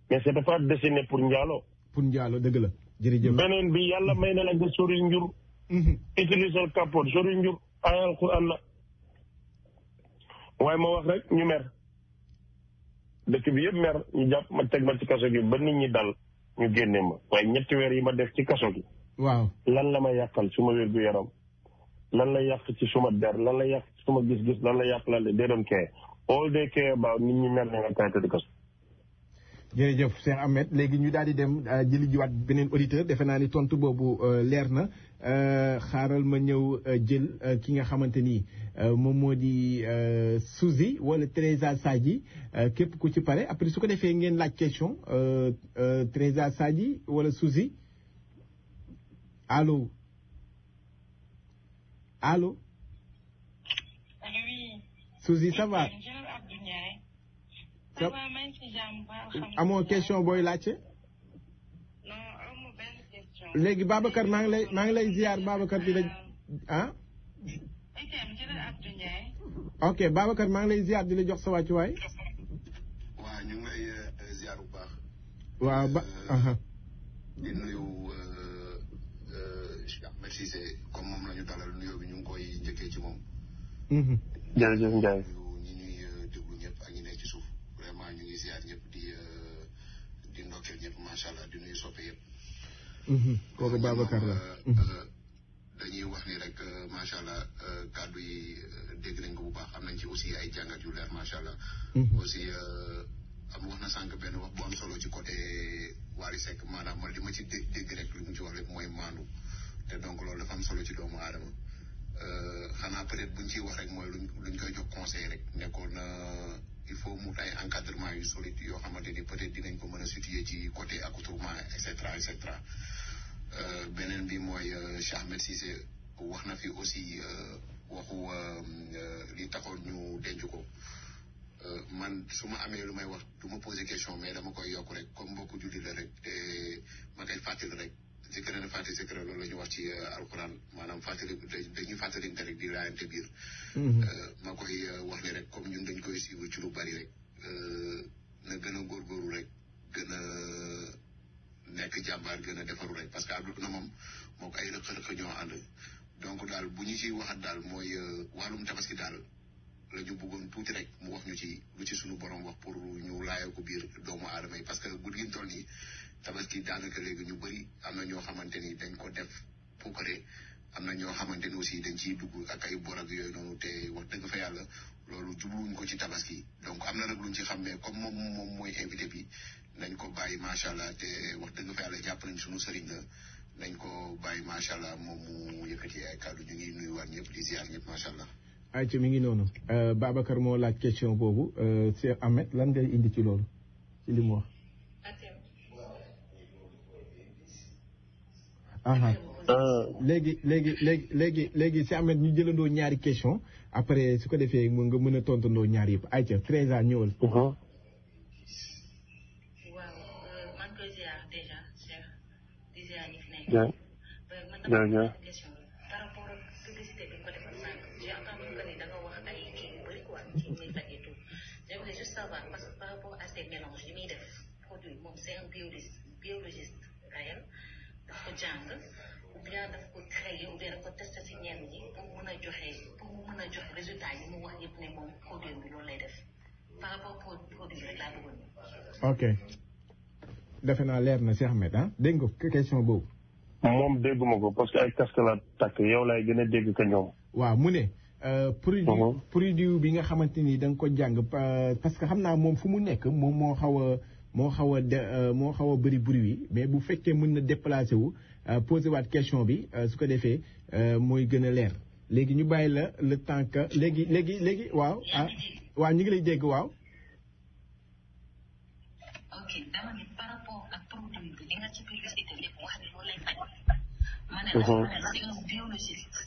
mais c'est dafa dessiné pour njaalo pour njaalo dëgg la jërëjëf beneen bi yàlla may na la nga sori njur mm-hmm. utiliser capote sori njur ay alquran la waaye ma wax rek ñu mer dëkk bi yëpp mer ñu jàpp ma teg ma ci kaso gi ba nit ñi dal ñu génne ma waaye ñetti weer yi ma def ci kaso gi waaw lan la ma yàqal su ma wér gu yaram lan la yàq ci suma der lan la yàq ci suma gis-gis lan la yàq la dee don't care all de care about nit ñi mel ne nga kay tëdd kaso jërëjëf Cheikh Ahmed léegi ñu daal di dem euh, jëli jiwaat beneen auditeur defe naa ni tontu boobu euh, leer na euh, xaaral ma ñëw jël ki nga xamante ni moom moo di Suzy wala Teresa yi képp ku ci pare après su ko defee ngeen laaj question Teresa Sadji wala Suzy allo. allo. allo oui. amoo question booy laajte. non amoo léegi Babacar maa ngi lay maa ngi lay ziar Babacar di la euh, ah. ok Babacar maa ngi lay ziar dina jox sa wàccuwaay. waaw ñu ngi lay euh, ziar waaw ba. Euh, di moom la ñu dalal nuyoo ñu ngi koy njëkkee ci moom. Mm-hmm. jërëjëf Ndiaye. ñi ñuy euh, déglu ñëpp ak ñi ne ci suuf vraiment ñu ngi ziar ñëpp di euh, di ndokkeel ñëpp macha allah di nuyu soppe yëpp. Mm-hmm. kooku Babacar la. Euh, mm-hmm. dañuy wax ni rek macha allah kàddu yi dégg nañ ko bu baax am nañ ci aussi ay jàngat yu leer macha allah. aussi am wax na sànq benn wax bu solo ci côté Wally Seck maanaam man ma ci dégg rek lu ñu ci am solo ci doomu aadama euh, xanaa peut-être buñ ciy wax rek mooy luñ luñ koy jox conseil rek nekkoon na il faut mu tay encadrement yu solide yoo xamante ni peut-être dinañ ko mën a situer ci côté accoutrement et cetera et cetera euh, beneen bi mooy euh, Cheikh Ahmed Cissé wax na fi aussi waxu li taxoon ñu denc ko man su ma amee lu may wax du ma poser question mais dama koy yokk rek comme mbokku julli la rek te ma koy fàttali rek zikra na fàtte zikra la ñu wax ci euh, alquran maanaam fàttali dañuy fàttalinte rek di laayante biir mm-hmm. euh, maa koy euh, wax ni rek comme ñun dañ koy suivre ci lu bari rek na gën a góorgóorlu rek gën a nekk jàmbaar gën a defaru rek parce que àdduna moom moo ko ay rëq-rëq ñoo ànd donc daal bu ñu ciy waxat daal mooy wàllum tabaski daal la ñu bëggoon tuuti rek mu wax ñu ci lu ci suñu borom wax pour ñu laaya ko biir doomu aadama yi parce que guddi gi toll nii tabaski daanaka léegi ñu bëri am na ñoo xamante ni dañ ko def puukare am na ñoo xamante ni aussi dañ ciy dugg ak ay bor yooyu noonu te wax dëgg fa yàlla loolu jubluwuñ ko ci tabaski donc am na rek luñ ci xam mais comme moom moom mooy invité bi nañ ko bàyyi macha allah te wax dëgg fa yàlla jàpp nañ suñu sëriñ la nañ ko bàyyi macha allah moom mu yëkkati ay kàddu ñu ngi nuyuwaat ñëpp di ziar ñëpp macha allah. ayca mi ngi noonu. Euh, Babacar moo laaj question boobu euh, Cheikh Ahmed lan ngay indi ci loolu Euh. léegi léegi léegi léegi léegi si Ahmed ñu jëlandoo ñaari question après su ko defee nga mën a tontandoo ñaari yëpp ayca Treiza ñëwal. Uh-huh. Euh, ñi fi ok defe naa leer na Cheikh Ahmed ah dégg nga question boobu. moom dégguma ko parce que ay casque takk yow laay gën a dégg ko ñoom. waaw mu ne. Euh, produit mhm. produit bi nga xamante ni da ko jàng parce que xam naa moom fu mu nekk moom moo xaw moo xaw a de euh, moo xaw a bëri bruit mais bu fekkee mën na déplacé wu euh, posé waat question bi euh, su ko defee mooy gën a leer léegi ñu bàyyi la le temps léegi léegi léegi waaw ah waaw ñu ngi lay dégg waaw.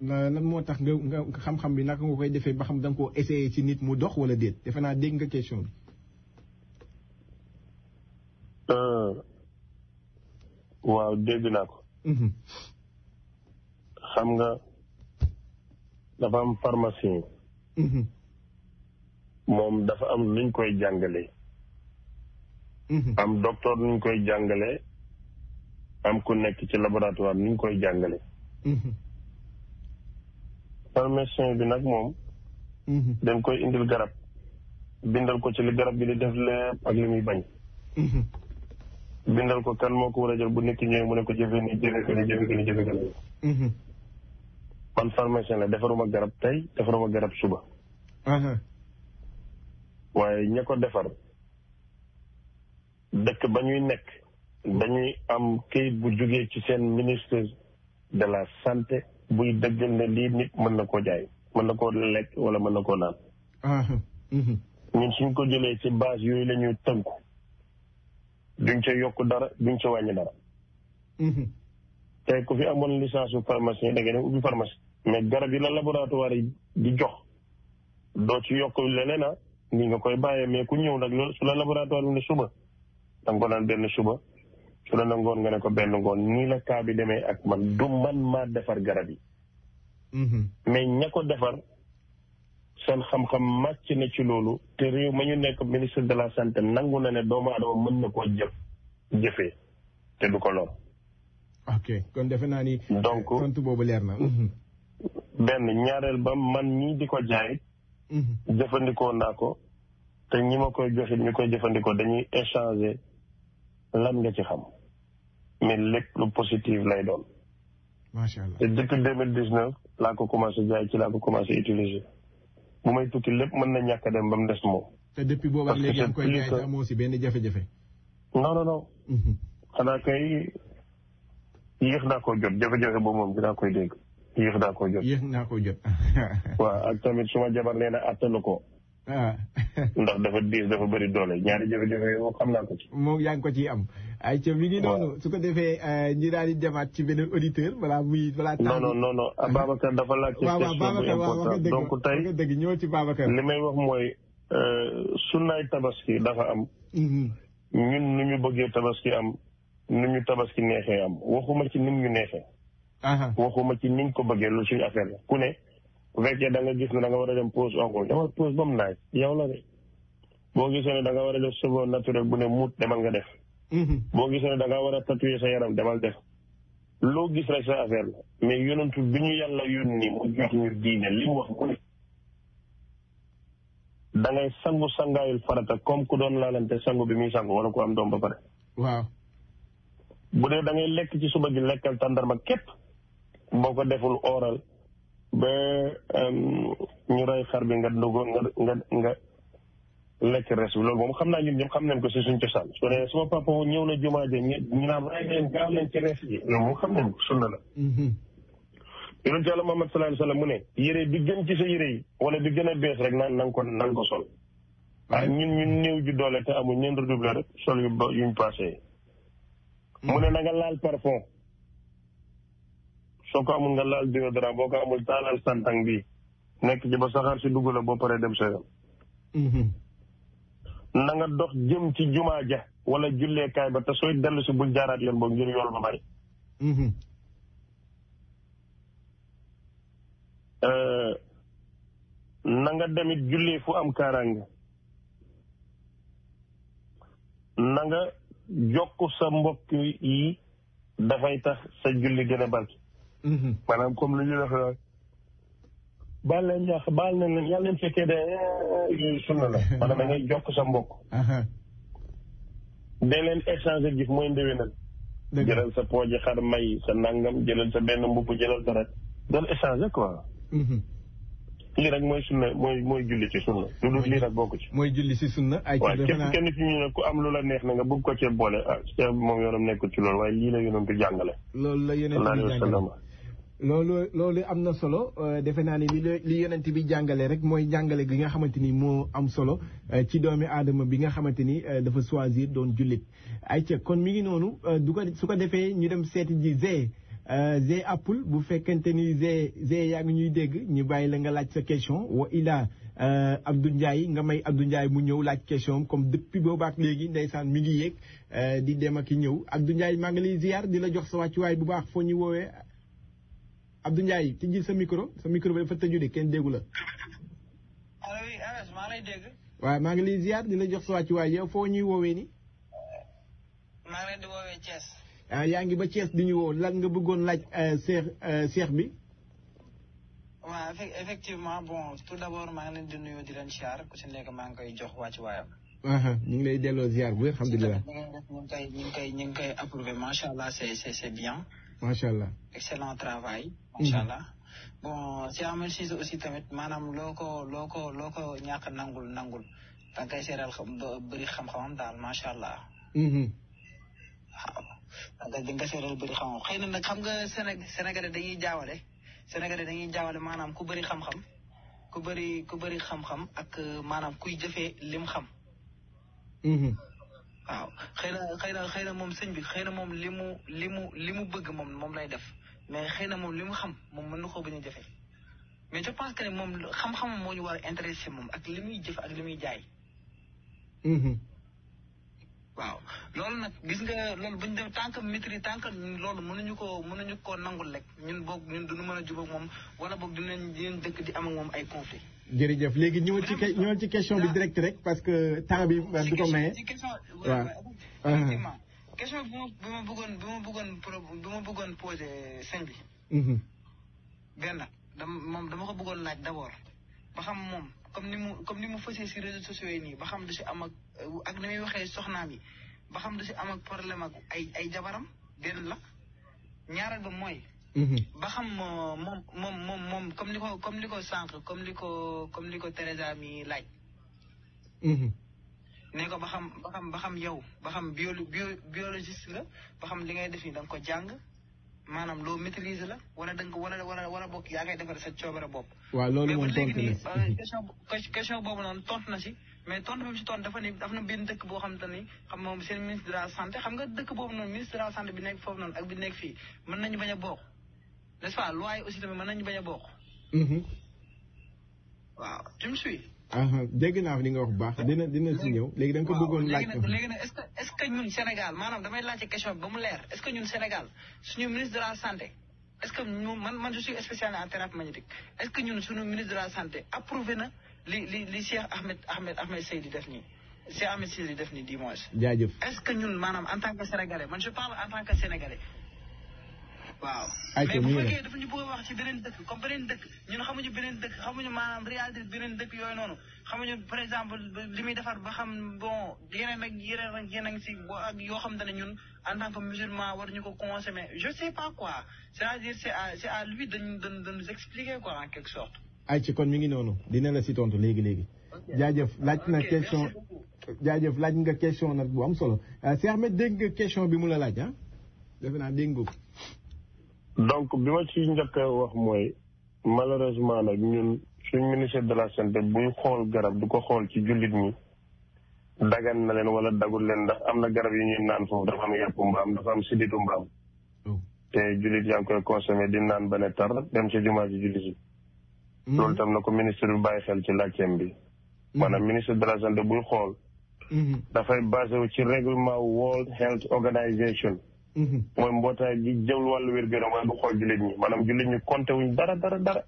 lan moo tax nga nga xam-xam bi naka nga koy defee ba xam da nga koo essayé ci nit mu dox wala déet defe naa dégg nga question bi. Euh, waaw dégg naa ko. Mhm. xam nga dafa am pharmacien. Mhm. moom dafa am luñ koy jàngale mhm. am docteur nuñ koy jàngale am ku nekk ci laboratoire nuñ koy jàngale pharmacien bi nag moom. Mhm. dañ koy indil garab. bindal ko ci li garab bi di def leer ak li muy bañ. Mhm. bindal ko kan moo ko war a jël bu nit ki ñëwee mu ne ko jëfee nii jëfee ko nii jëfee ko nii jëfee ko nii. Mhm. man pharmacien la defaruma garab tey defaruma garab suba. waaye ña ko defar dëkk ba ñuy nekk dañuy am kayit bu jógee ci seen ministre de la santé. buy dëggal ne lii nit mën na koo jaay mën na koo lekk wala mën na koo naan. Ah, mhm. ñun suñ ko jëlee si base yooyu la ñuy tënku duñ ca yokk dara duñ sa wàññi dara. Mhm. tey ku fi amoon licence su pharmacien da ngeen ubbi pharmacie. mais garab yi la laboratoire di jox doo si yokk leneen ah ni nga koy bàyyee mais ku ñëw nag loolu su la laboratoire bi suba da ko naan benn suba. su la nangoon nga ne ko benn ngoon nii la kaa bi demee ak man du man maa defar garab yi mm-hmm. mais ña ko defar seen xam-xam màcc na ci loolu te réew ma ñu nekk ministre de la santé nangu na ne doomu aadama mën na koo jëf jëfee te du ko lor kon defe naa ni donc tontu boobu leer na mm-hmm. ñaareel ba man ñii di ko jaay mm-hmm. jëfandikoo naa ko te ñi ma koy joxit ñu koy jëfandikoo dañuy échanger lan nga ci xam mais lépp lu positif lay doon. macha allah te depuis deux mille dix neuf laa ko commencé jaay ci laa ko commencé utiliser. bu may tukki lépp mën na ñàkk dem ba mu des moom. te depuis booba ak léegi am koy jaay si benn jafe-jafe. non non mhm. xanaa kay yéex naa koo jot jafe-jafe boobu moom dinaa koy dégg. yéex naa koo jot yéex naa koo jot. waaw ak tamit suma jabar nee na àttalu ko. Ah. ndax dafa diis dafa bëri doole ñaari jafe-jafe yi xam naa ko ci. moom yaa ngi ko ciy am. ay ca mi ngi noonu su ko defee euh, ñi daal di demaat ci beneen auditeur balaa muy. balaa non non non non ah, Babacar dafa laaj. waaw waaw Babacar waaw wax nga dëgg donc tey dëgg ñëw ci Babacar. li may wax mooy euh, sunnaay tabaski dafa am. Mm-hmm. ñun nu ñu bëggee tabaski am nu ñu tabaski neexee am waxuma ci nim ñu neexee. waxuma ci niñ ko bëggee lu suñu affaire la ku ne. bu fekkee da nga gis na da nga war a dem pose ongle demal pose ba yow la de boo gisee ne da nga war a def cheveux naturel bu ne muut demal nga def. Mm-hmm. boo gisee ne danga war a tatouer sa yaram demal def. loo gis rek sa affaire la mais yonentu bi ñu yàlla yónni mu jox ñu diine li mu wax mu ne. da ngay sangu sangaayul farata comme ku doon laalante sangu bi muy sangu wala ko am doom ba pare. waaw. bu dee da ngay lekk ci suba gi lekkal tàndarma képp boo ko deful oral. ba ñu rey xar bi nga dugg nga nga nga lekk res bi loolu moom xam naa ñun ñëpp xam nañ ko si suñ cosaan su ne suma papa ñëw na jumaa ja ñu naan la mm-hmm. yonent yàlla Muhammad sallallahu alayhi wa mu ne bi gën ci sa yére yi wala bi gën a bees rek naan nanga ko nanga ko sol waaw mm-hmm. ah, ñun ñun néew ju doole te amul ñeen redouble rek sol yu yuñ passé mu ne na laal parfum soo ko amul nga laal déodorant boo ko amul taalal santang bi nekk ci ba saxaar si dugg la boo paree dem sa yoon mm-hmm. dox jëm ci jumaa ja wala julleekaay ba te sooy dellu si bul jaaraat leen boo ngir yool ba bari mm-hmm. euh, na nga demit jullee fu am kaaraange na jokk sa mbokk yi dafay tax sa julli gën a barki Mm-hmm. maanaam comme lu ñu wax baal leen ñaax baal na leen yàlla leen fekkee de eh, eh, sunna la maanaam da ngay jokk sa mbokk uh-huh. da leen échanger gif mooy ndéwénal jëlal sa pooji xar may sa nangam jëlal sa benn mbubb jëlal dara rek doon échanger quoi mm-hmm. lii rek mooy sunna mooy mooy julli ci sunna lu dul lii rek bokk ci mooy julli si sunna ay waaw kenn ci ñu ne ku am lu la neex na nga bëgg ko cee boole ah moom yoonam nekkul ci loolu waaye lii la yonentu jàngale loolu la yonentu jàngale loolu loolu am na solo euh, defe naa ni li yonent bi jàngale rek mooy jàngale gi nga xamante ni moo am solo euh, ci doomi aadama bi nga xamante ni euh, dafa choisir doon jullit ayca kon mi ngi noonu du ko su ko defee ñu dem seeti ji Zé Zé Apple bu fekkente ni Zé Zé yaa ngi ñuy dégg ñu bàyyi la nga laaj sa question wa ila Abdou njaay nga may Abdou njaay mu ñëw laaj question comme depuis boobaak léegi ndeysaan mi ngi yéeg di dem ak i ñëw Abdou Ndiaye maa ngi lay ziar di la jox sa wàccuwaay bu baax foo ñu woowee Abdou Ndiaye tijji sa micro sa micro ba dafa tëju de kenn déggu la. allo oui Anas maa maa ngi lay ziar di la jox sa wàccuwaay yow foo ñuy woowee ni maa ngi leen di woowee Thiès. ah yaa ngi ba Thiès di ñu woo lan nga bëggoon laaj euh, Cheikh euh, Cheikh bi. waaw effectivement bon tout d'abord maa ngi leen di nuyu di leen siyaar ku maa ngi koy jox wàccuwaayam. ñu ngi lay delloo ziar bu wér alhamdulilah. ñu allah c'est c'est bien. macha allah excellent travail. macha allah mm-hmm. bon si Ahmed Cissé aussi tamit maanaam loo ko loo ko loo ko ñàkk nangul nangul da ngay seeral xam bëri xam-xamam daal macha allah. Mm-hmm. waaw da nga seeral bëri xam-xam na nag xam nga Sénégalais dañuy jaawale Sénégalais dañuy jaawale maanaam ku bari xam-xam ku bëri ku bëri xam ak maanaam kuy jëfee lim xam. Mm-hmm. waaw xëy na xëy na xëy na moom sëñ bi xëy na moom li mu li mu li mu bëgg moom moom lay def mais xëy na moom li mu xam moom mën na koo bañ a jafe mais je pense que ne moom xam-xam moo ñu war a intéressé moom ak muy jëf ak li muy jaay. Mm-hmm. waaw loolu nag gis nga loolu bu ñu dem tant que maîtrise tant que loolu mënuñu koo mënuñu koo nangul lekk ñun boog ñun duñu mën a jubóog moom wala boog dinañ dinañ dëkk di am moom ay conflit jërëjëf léegi ñëwal ci ñëwal ci question bi direct rek parce que temps bi du ko maye. waaw ah. effectivement question bi ma bëggoon bi ma bëggoon pro bi ma bëggoon posé sëñ mhm. benn dama moom dama ko bëggoon laaj d'abord ba xam moom comme ni mu comme ni mu fësee si réseaux sociaux yi nii ba xam da si amag ak ak ni muy waxee soxnaam yi ba xam da si am ak problème ay ay jabaram benn la ñaareel ba mooy. Mm-hmm. ba xam euh, moom moom moom moom comme ni ko comme ni ko sànq comme ni ko comme ni ko Teresa mi laaj. Mm-hmm. ne ko ba xam ba xam ba xam yow ba xam bio biologiste la ba xam li ngay def ni da nga ko jàng maanaam loo maîtrise la wala da nga ko wala wala wala yaa ngay defar sa coobare bopp. waaw loolu moom tontu na euh, mm-hmm. question question boobu na si. mais tontu bi mu si tontu dafa ne dafa na benn dëkk boo xam te xam moom seen ministre de la santé xam nga dëkk boobu noonu ministre de santé bi nekk foofu noonu ak bi nekk fii mën nañu bañ a bokk. n'est-ce pas loi yi aussi tamit mën nañu bañ a bokk. Mhm. waaw suis. dégg naa li nga wax baax dina dina si ñëw léegi da ko bëggoon laaj. waaw léegi nag est-ce que est damay laajte question ba mu leer est-ce que ñun Sénégal suñu ministre de la santé est man man je suis spécialisé en thérapie magnétique est-ce que ñun suñu ministre de la santé approuvé na li li li Cheikh Ahmed Ahmed Ahmed Seydi def nii. Cheikh Ahmed Seydi def nii dis-moi. jaajëf est maanaam en tant que sénégalais man je parle en tant que sénégalais. waaw mais bu fekkee dafa a wax ci beneen beneen dëkk ñun xamuñu beneen dëkk xamuñu maanaam réalité beneen dëkk yooyu noonu xamuñu par exemple muy defar ba xam bon yeneen ak yeneen ak ak yoo xam ne ñun en tant que musulman war ñu ko consommer je sais pas quoi cest à de nous de nous expliquer ay ci kon mi ngi noonu dina la si tontu léegi léegi. jaajëf laaj na question jaajëf laaj nga question nag bu am solo euh, Cheikh Ahmed dégg nga question bi mu la laaj ah defe naa dégg nga donc bi ma ci njëkk wax mooy malheureusement nag ñun suñ ministère de la santé buy xool garab du ko xool ci jullit ñi dagan na leen wala dagul leen ndax am na garab yu ñuy naan foofu dafa am yàppu mbaam dafa am sidditu mbaam oh. te jullit yaa ngi koy consommé di naan ba ne tar dem ci jumaa ji jullit yi hmm. loolu tam na ko ministre bi bàyyi xel ci laajteem bi hmm. maanaam ministre de la santé buy xool hmm. dafay basé ci règlement World Health Organization Mhm. mooy mbootaay bi jël wàllu wér gu yaram waaye du xool jullit ñi maanaam jullit ñi compté wuñ dara dara dara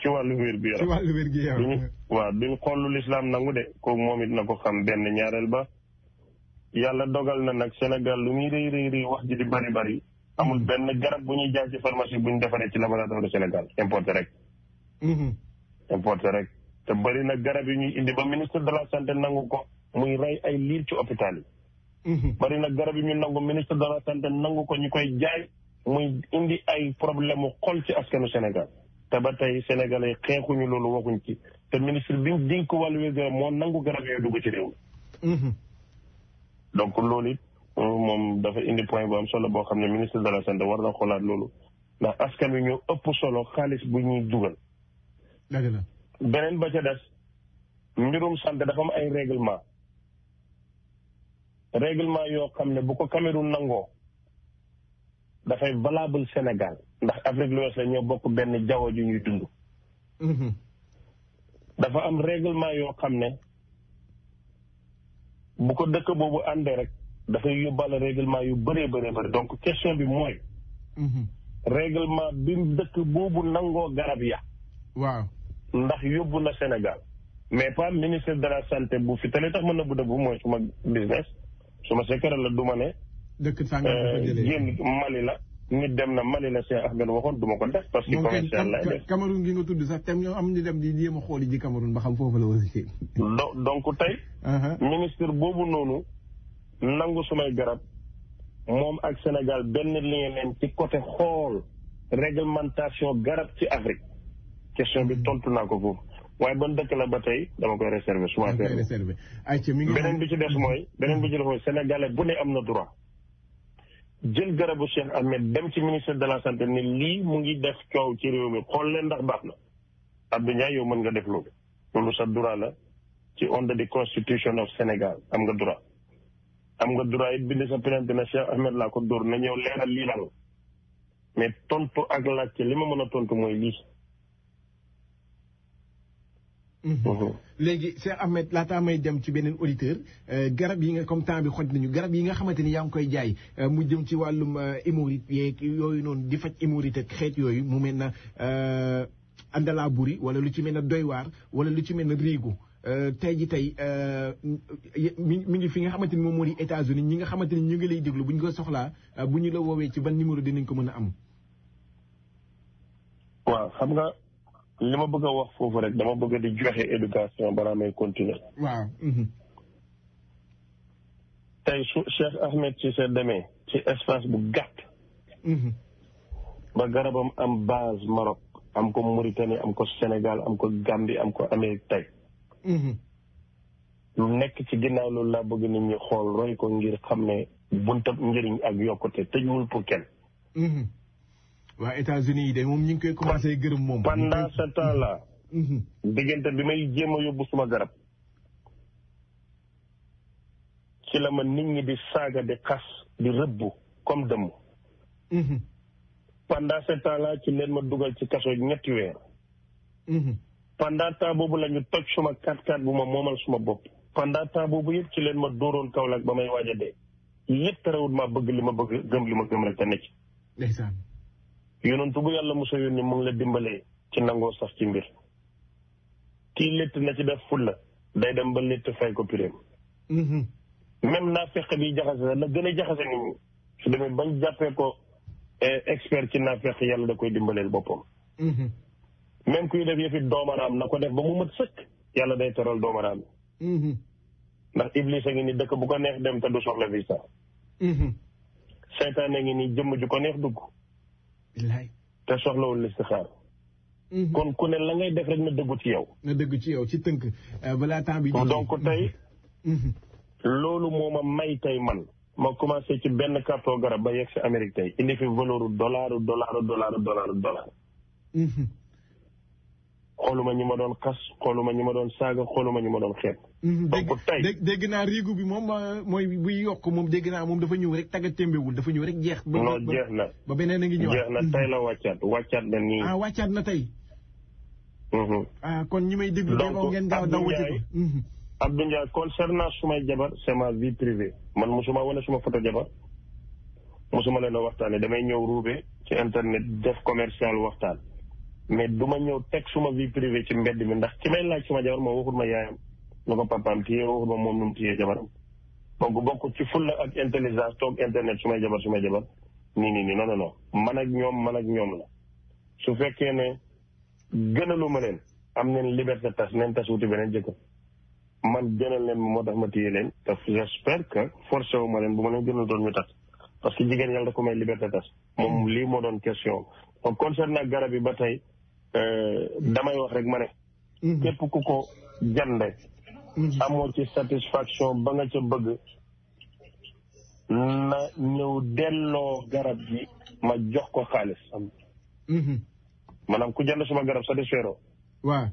ci wàllu wér gu yaram ci wàllu wér gu yaram waaw lislaam nangu de ko moom it na ko xam benn ñaareel ba yàlla dogal na nag Sénégal lu muy rëy rëy rëy wax ji di bari bari amul benn garab bu ñuy jaay ci pharmacie bu ñu defaree ci laboratoire Sénégal importé rek mhm. importé rek te bari na garab yi ñuy indi ba ministre de la santé nangu ko muy rey ay liir ci hôpital yi Mm-hmm. bari na garab yi ñu nangu ministre de la santé nangu ko ñu koy jaay muy indi ay problème mu xol ci askanu Sénégal te ba tey sénégalais xeexuñu loolu waxuñ ci te ministre bi ñu dénk wàllu wér moo nangu garab yooyu dugg ci réew mi mm-hmm. donc loolu it moom dafa indi point bu am solo boo xam ne ministre de la santé war na xoolaat loolu ndax askan wi ñu ëpp solo xaalis bu ñu dugal beneen ba ca des mbirum santé dafa am ay règlement règlement yoo xam ne bu ko Cameroun nangoo dafay valable Sénégal ndax Afrique de l'Ouest ñoo bokk benn jaww ju ñuy dund mm-hmm. dafa am règlement yoo xam ne bu ko dëkk boobu àndee rek dafay yóbbaale réglement yu bëree bëree bëri donc question bi mooy mm-hmm. règlement bi dëkk boobu nangoo garab ya waaw ndax yóbbu na Sénégal mais pas ministre de la santé bu fi te li tax mën na bu dëbb mooy suma business su ma secret la du ma ne. dëkk sàngam dafa euh, jëlee Mali la. nit dem na Mali la Cheikh Ahmed waxoon du ma ko def. parce que commercial lay def Cameroun gi nga tudd sax tam ñoo am ñu dem a xooli ji Cameroun ba xam foofu la aussi. donc tey. Uh-huh. ministre boobu noonu. nangu sumay garab. moom ak Sénégal benn lien leen ci côté xool réglementation garab ci Afrique question bi mm-hmm. tontu naa ko foofu. waaye ban dëkk la ba tey dama koy réserver su ma. dama koy réserver ayca mi ngi. beneen bi ci des mooy beneen bi ci des mooy sénégalais bu ne am na droit jël garabu Cheikh Ahmed dem ci ministère de la santé ne lii mu ngi def coow ci réew mi xool leen ndax baax na. Abdou Ndiaye yow mën nga def loolu loolu sa droit la ci onde de constitution of Sénégal am nga droit. am nga droit it bind sa plainte na Cheikh Ahmed laa ko dóor na ñëw leeral lii la mais tontu ak laajte li ma mën tontu mooy Mhm. léegi Cheikh Ahmed laataa may dem ci beneen auditeur euh, garab yi nga comme temps bi xoj nañu garab yi nga xamante ni yaa ngi koy jaay euh, mu jëm ci wàllum euh, hémorroïde yeeg yooyu noonu di faj hémorroïde ak xeet yooyu mu mel na àndalaa buri wala lu ci mel na doywaar wala lu ci mel na riigu tey ji tey mi ngi fi nga xamante ni moom moo di États-Unis ñi nga xamante ni ñu ngi lay déglu bu ñu ko soxlaa bu ñu la woowee ci ban numéro dinañ ko mën a am waaw xam nga li ma bëgg wax foofu rek dama bëgg di joxe éducation balaa may continuer. waaw. Mhm. tey su Cheikh Ahmed Cissé demee ci espace bu gàtt. Mhm. ba garabam am base Maroc am ko Mauritanie am ko Sénégal am ko Gambie am ko Amérique tey. Mhm. lu nekk ci ginnaaw loolu laa bëgg nit ñi xool roy ko ngir xam ne buntab njëriñ ak yokkute tëjuwul pour kenn. waa États-Unis yi de moom ñu ngi koy commencé gërëm moom. pendant ce temps mhm. diggante bi may jéem a yóbbu suma garab. ci la ma nit ñi di saaga di xas di rëbbu comme dëmm. Mhm. pendant ce ci leen ma dugal ci kaso ñetti weer. Mhm. pendant temps boobu la ñu toj suma kat kat bu ma moomal suma bopp. pendant temps boobu yëpp ci leen ma dóoroon Kaolack ba may waaj a yépp yëpp terewul bëgg li ma bëgg gëm li ma gëm rek te ci. yonentu bu yàlla mu a yónni mu ngi la dimbalee ci nangoo sax ci mbir kii létt na ci def fulla day dem ba létt fay ko piréem mm-hmm. même naa feq bi jaxase la gën a jaxase nit ñi su demee bañ jàppee ko eh, expert ci naa feq yàlla da koy dimbaleel boppam mm-hmm. même kuy def yëfi doomaraam na ko def ba mu mat sëkk yàlla day teral doomaraam yi mm-hmm. ndax iblis a ngi ni dëkk bu ko neex dem te du soxla visa seytaan a ngi ni jëmm ju ko neex dugg te soxlawul listixaar mhm. kon ku ne la ngay def rek na dëggu ci yow. na dëggu ci yow ci tënk euh, balaa temps bi. donc tey. Mhm. loolu moo ma may tay man. ma commencé ci benn carton garab ba yegg si Amérique tey indi fi valeur dollar dollar dollar dollar dollar. Mhm. xooluma ñi ma doon xas xooluma ñu ma doon saaga xooluma ñu ma doon xeet. Mhm, donc tey dégg naa riigu bi moom euh, mooy buy yokk dégg naa moom dafa ñëw rek tagga témbewul dafa ñëw rek jeex. ba na ba beneen a ngi ñëwaat jeex na mhm. tey la wàccaat wàccaat na nii. ah na tey. Mhm. Ah, kon ñi may déglu. donc ngeen gaaw daw wëcc ko. Abdou Ndiaye concernant sumay jabar c'est ma vie privée man suma wane suma photo jabar mosuma leen a waxtaanee damay ñëw ruube ci internet def commercial waxtaan. mais du ma ñëw teg suma vie privée ci mbedd mi ndax ki may laaj suma jabar moom waxut ma yaayam lu ko papaam téye waxut ma moom nu mu téyee jabaram donc bokk ci fulla ak intelligence internet su may jabar su may jabar nii nii nii non non man ak ñoom man ak ñoom la su fekkee ne gënalu ma leen am neen liberté tas neen tas wuti beneen jëkkër man gënal leen moo tax ma téye leen te j'espère que forcé wu ma leen bu ma leen gënal doon ñu tas parce que jigéen yàlla la ko may liberté tas moom lii moo doon question donc ba tey Euh, damay wax rek ma ne. Mhm. képp ku ko jand mhm. amoo ci satisfaction ba nga ca bëgg. na ñëw delloo garab gi ma jox ko xaalis. Mhm. maanaam ku jënd suma garab satisfaire oo. waaw.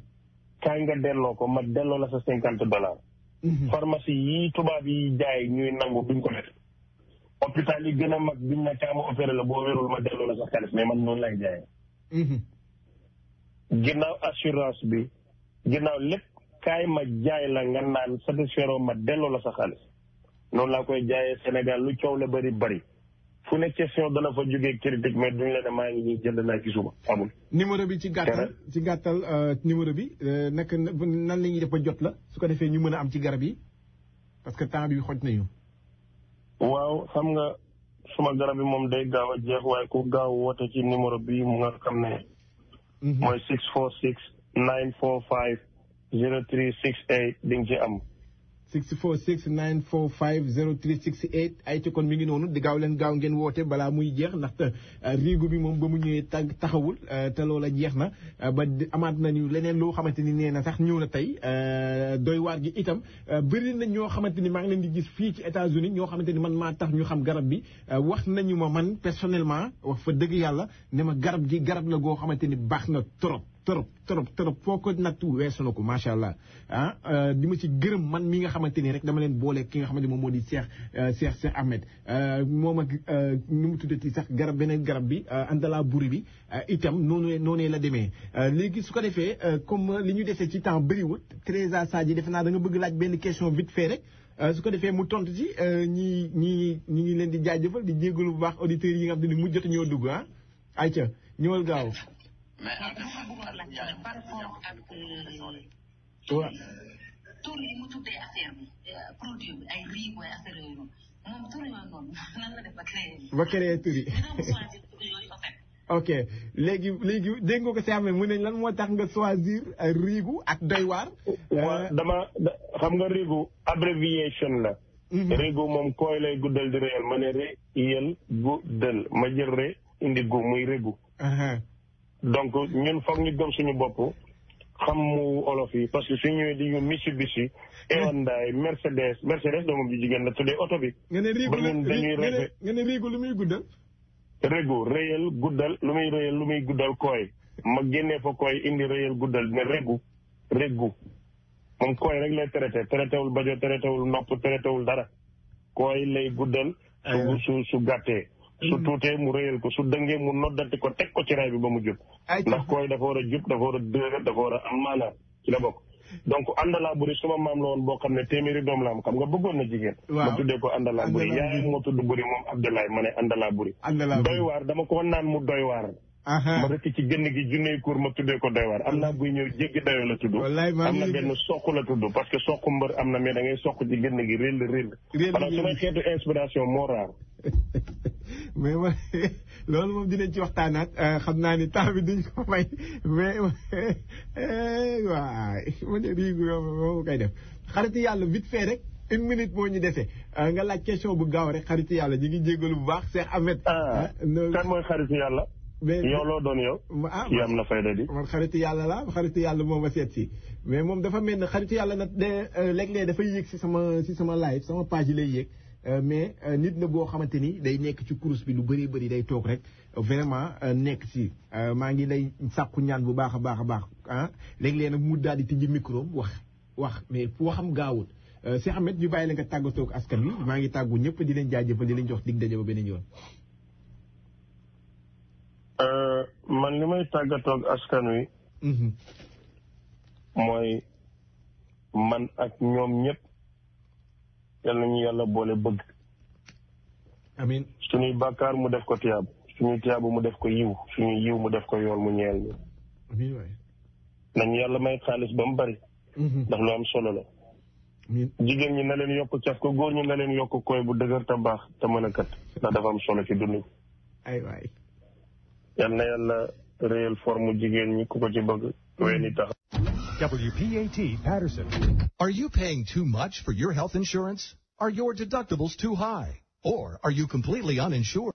kaay nga delloo ko ma delloo la sa cinquante dollars. pharmacie yi tubaab yi jaay ñuy nangu duñ ko def. hôpital yi gën a mag biñ na kaama opéré la boo wérul ma delloo la sa xaalis mais man noonu lay jaayee. ginnaaw assurance bi ginnaaw lépp kaay ma jaay la nga naan satisfaire ma delloo la sa xaalis noonu laa koy jaayee Sénégal lu coow la bari bari fu ne question dana fa jógee critique mais duñ la ne maa ngi nii jënd naa gisuma amul. numéro bi ci gàttal ci gàttal euh, numéro bi euh, naka nan la ñuy def jot la su ko defee ñu mën a am ci garab yi parce que temps bi xoj nañu. waaw xam nga suma garab bi moom day gaaw a jeex waaye ku gaaw woote ci numéro bi mu nga xam ne. Mm-hmm. mooy six four six nine four five zero three six eight di nga ci am 646 945 0368 ay ci kon mi ngi noonu di gaaw leen gaaw ngeen woote balaa muy jeex ndaxte euh, riigu bi moom ba mu ñëwee tag taxawul euh, te loola jeex na euh, ba amaat nañu leneen loo xamante ni nee na sax ñëw na tey doy waar gi itam bëri na ñoo xamante ni maa ngi leen di gis fii ci États-Unis ñoo xamante ni man maa tax ñu xam garab bi wax nañu ma man personnellement wax fa dëgg yàlla ne ma garab gi garab la goo xamante ni baax na trop trop trop trop foo ko nattu weesu na ko macha allah ah euh, di ma ci gërëm man mi nga xamante ni rek dama leen boole ki nga xamante moom moo di Cheikh euh, Cheikh Cheikh Ahmed euh, moom ak nu mu tuddati sax garab beneen garab bi andala buri bi itam noonu noonu la demee léegi su ko defee comme li ñu defee ci temps bëriwut Trésor Sadji defe naa da nga bëgg laaj benn question vite fait rek su ko defee mu tontu ci ñi ñi ñi ngi leen di jëfal di jégalu bu baax auditeurs yi nga xam ne mujjatu ñoo dugg ah ayca ñëwal gaaw mais dama ba créé ba créé tur ok léegi léegi dégg ko si amee mu ne lan moo tax nga choisir euh, riigu ak doy waar. Euh, dama xam nga riigu abréviation la. Mhm. riigu moom kooy lay guddal di réyal ma ne ré yël ma jël ré indi gu muy riigu. donc ñun foog ñu gëm suñu bopp xam mu olof yi parce que su ñëwee di ñu Mitsubishi Hyundai Mercedes Mercedes doomam bi jigéen la tuddee oto bi. nga ne riigu nga ne riigu lu muy guddal. régu réyal guddal lu muy réyal lu muy guddal kooy ma génnee fa kooy indi réyal guddal ne régu régu moom kooy rek lay traité traitéwul bajo traitéwul nopp traitéwul dara kooy lay guddal. su su su gàttee. su tuutee mu réyal ko su dëngee mu noddanti ko teg ko ci raay bi ba mu jub ndax koy dafa war a jub dafa war a dëgër dafa war a am maanaam ci la bokk donc àndalaa buri suma maam la woon boo xam ne téeméeri doom la am xam nga bëggoon na jigéen ma tuddee ko àndalaa buri yaay dama ko naan mu doy waar ma rëkk ci gënn gi junney kour ma tuddee ko doy waar am naa buy ñëw jéggi dayo la tudd am na benn soq la tudd parce que soq mbër am na mais da ngay soq ci gënn gi réll réll wala sumay xeetu inspiration moo raar mais ma loolu moom dinañ ci waxtaanaat euh, xam naa ni temps bi duñ ko may mais eh, waay ma ne rii moom koy def xaritu yàlla vite fait rek une minute moo ñu dese euh, nga laaj question bu gaaw rek xaritu yàlla ñu ngi jégalu bu baax Cheikh Ahmed. Ah, ah, kan mooy xaritu yàlla. mais loo doon yow. ah yow am na fayda di. man xaritu yàlla la xaritu yàlla moo ma seet si. mais moom dafa mel ne xaritu yàlla nag de euh, léeg dafay yéeg si sama si sama live sama page yi lay yéeg. Euh, mais euh, nit na boo xamante ni day nekk ci kurus bi lu bëree bari day toog rek vraiment euh, nekk ci maa ngi lay sàkku ñaan bu baax a baax a baax ah léeg-léeg mu daal di tijji micro wax wax mais waxam gaawul Cheikh Ahmed ñu bàyyi la nga tàggatoo ak askan wi maa ngi tàggu ñëpp di leen jaajëfal di leen jox dig daje ba beneen yoon. man li may tàggatoo ak askan wi. Mhm. mooy man ak ñoom ñëpp. yal nañu yàlla boole bëgg. amiin suñuy bàkkaar mu def ko tiyaab suñuy tiyaabu mu def ko yiw suñuy yiw mu def ko yool mu ñeel ñu. amiin waay. yàlla may xaalis ba mu bari. Mm-hmm. ndax lu am solo la. jigéen ñi na leen yokk caf ko góor ñi na leen yokk koy bu dëgër baax te mën a kat ndax dafa am solo ci dund. ay waay. yal na yàlla réel forme jigéen ñu ku ko ci bëgg. WPAT Patterson. Are you paying too much for your health insurance? Are your deductibles too high? Or are you completely uninsured?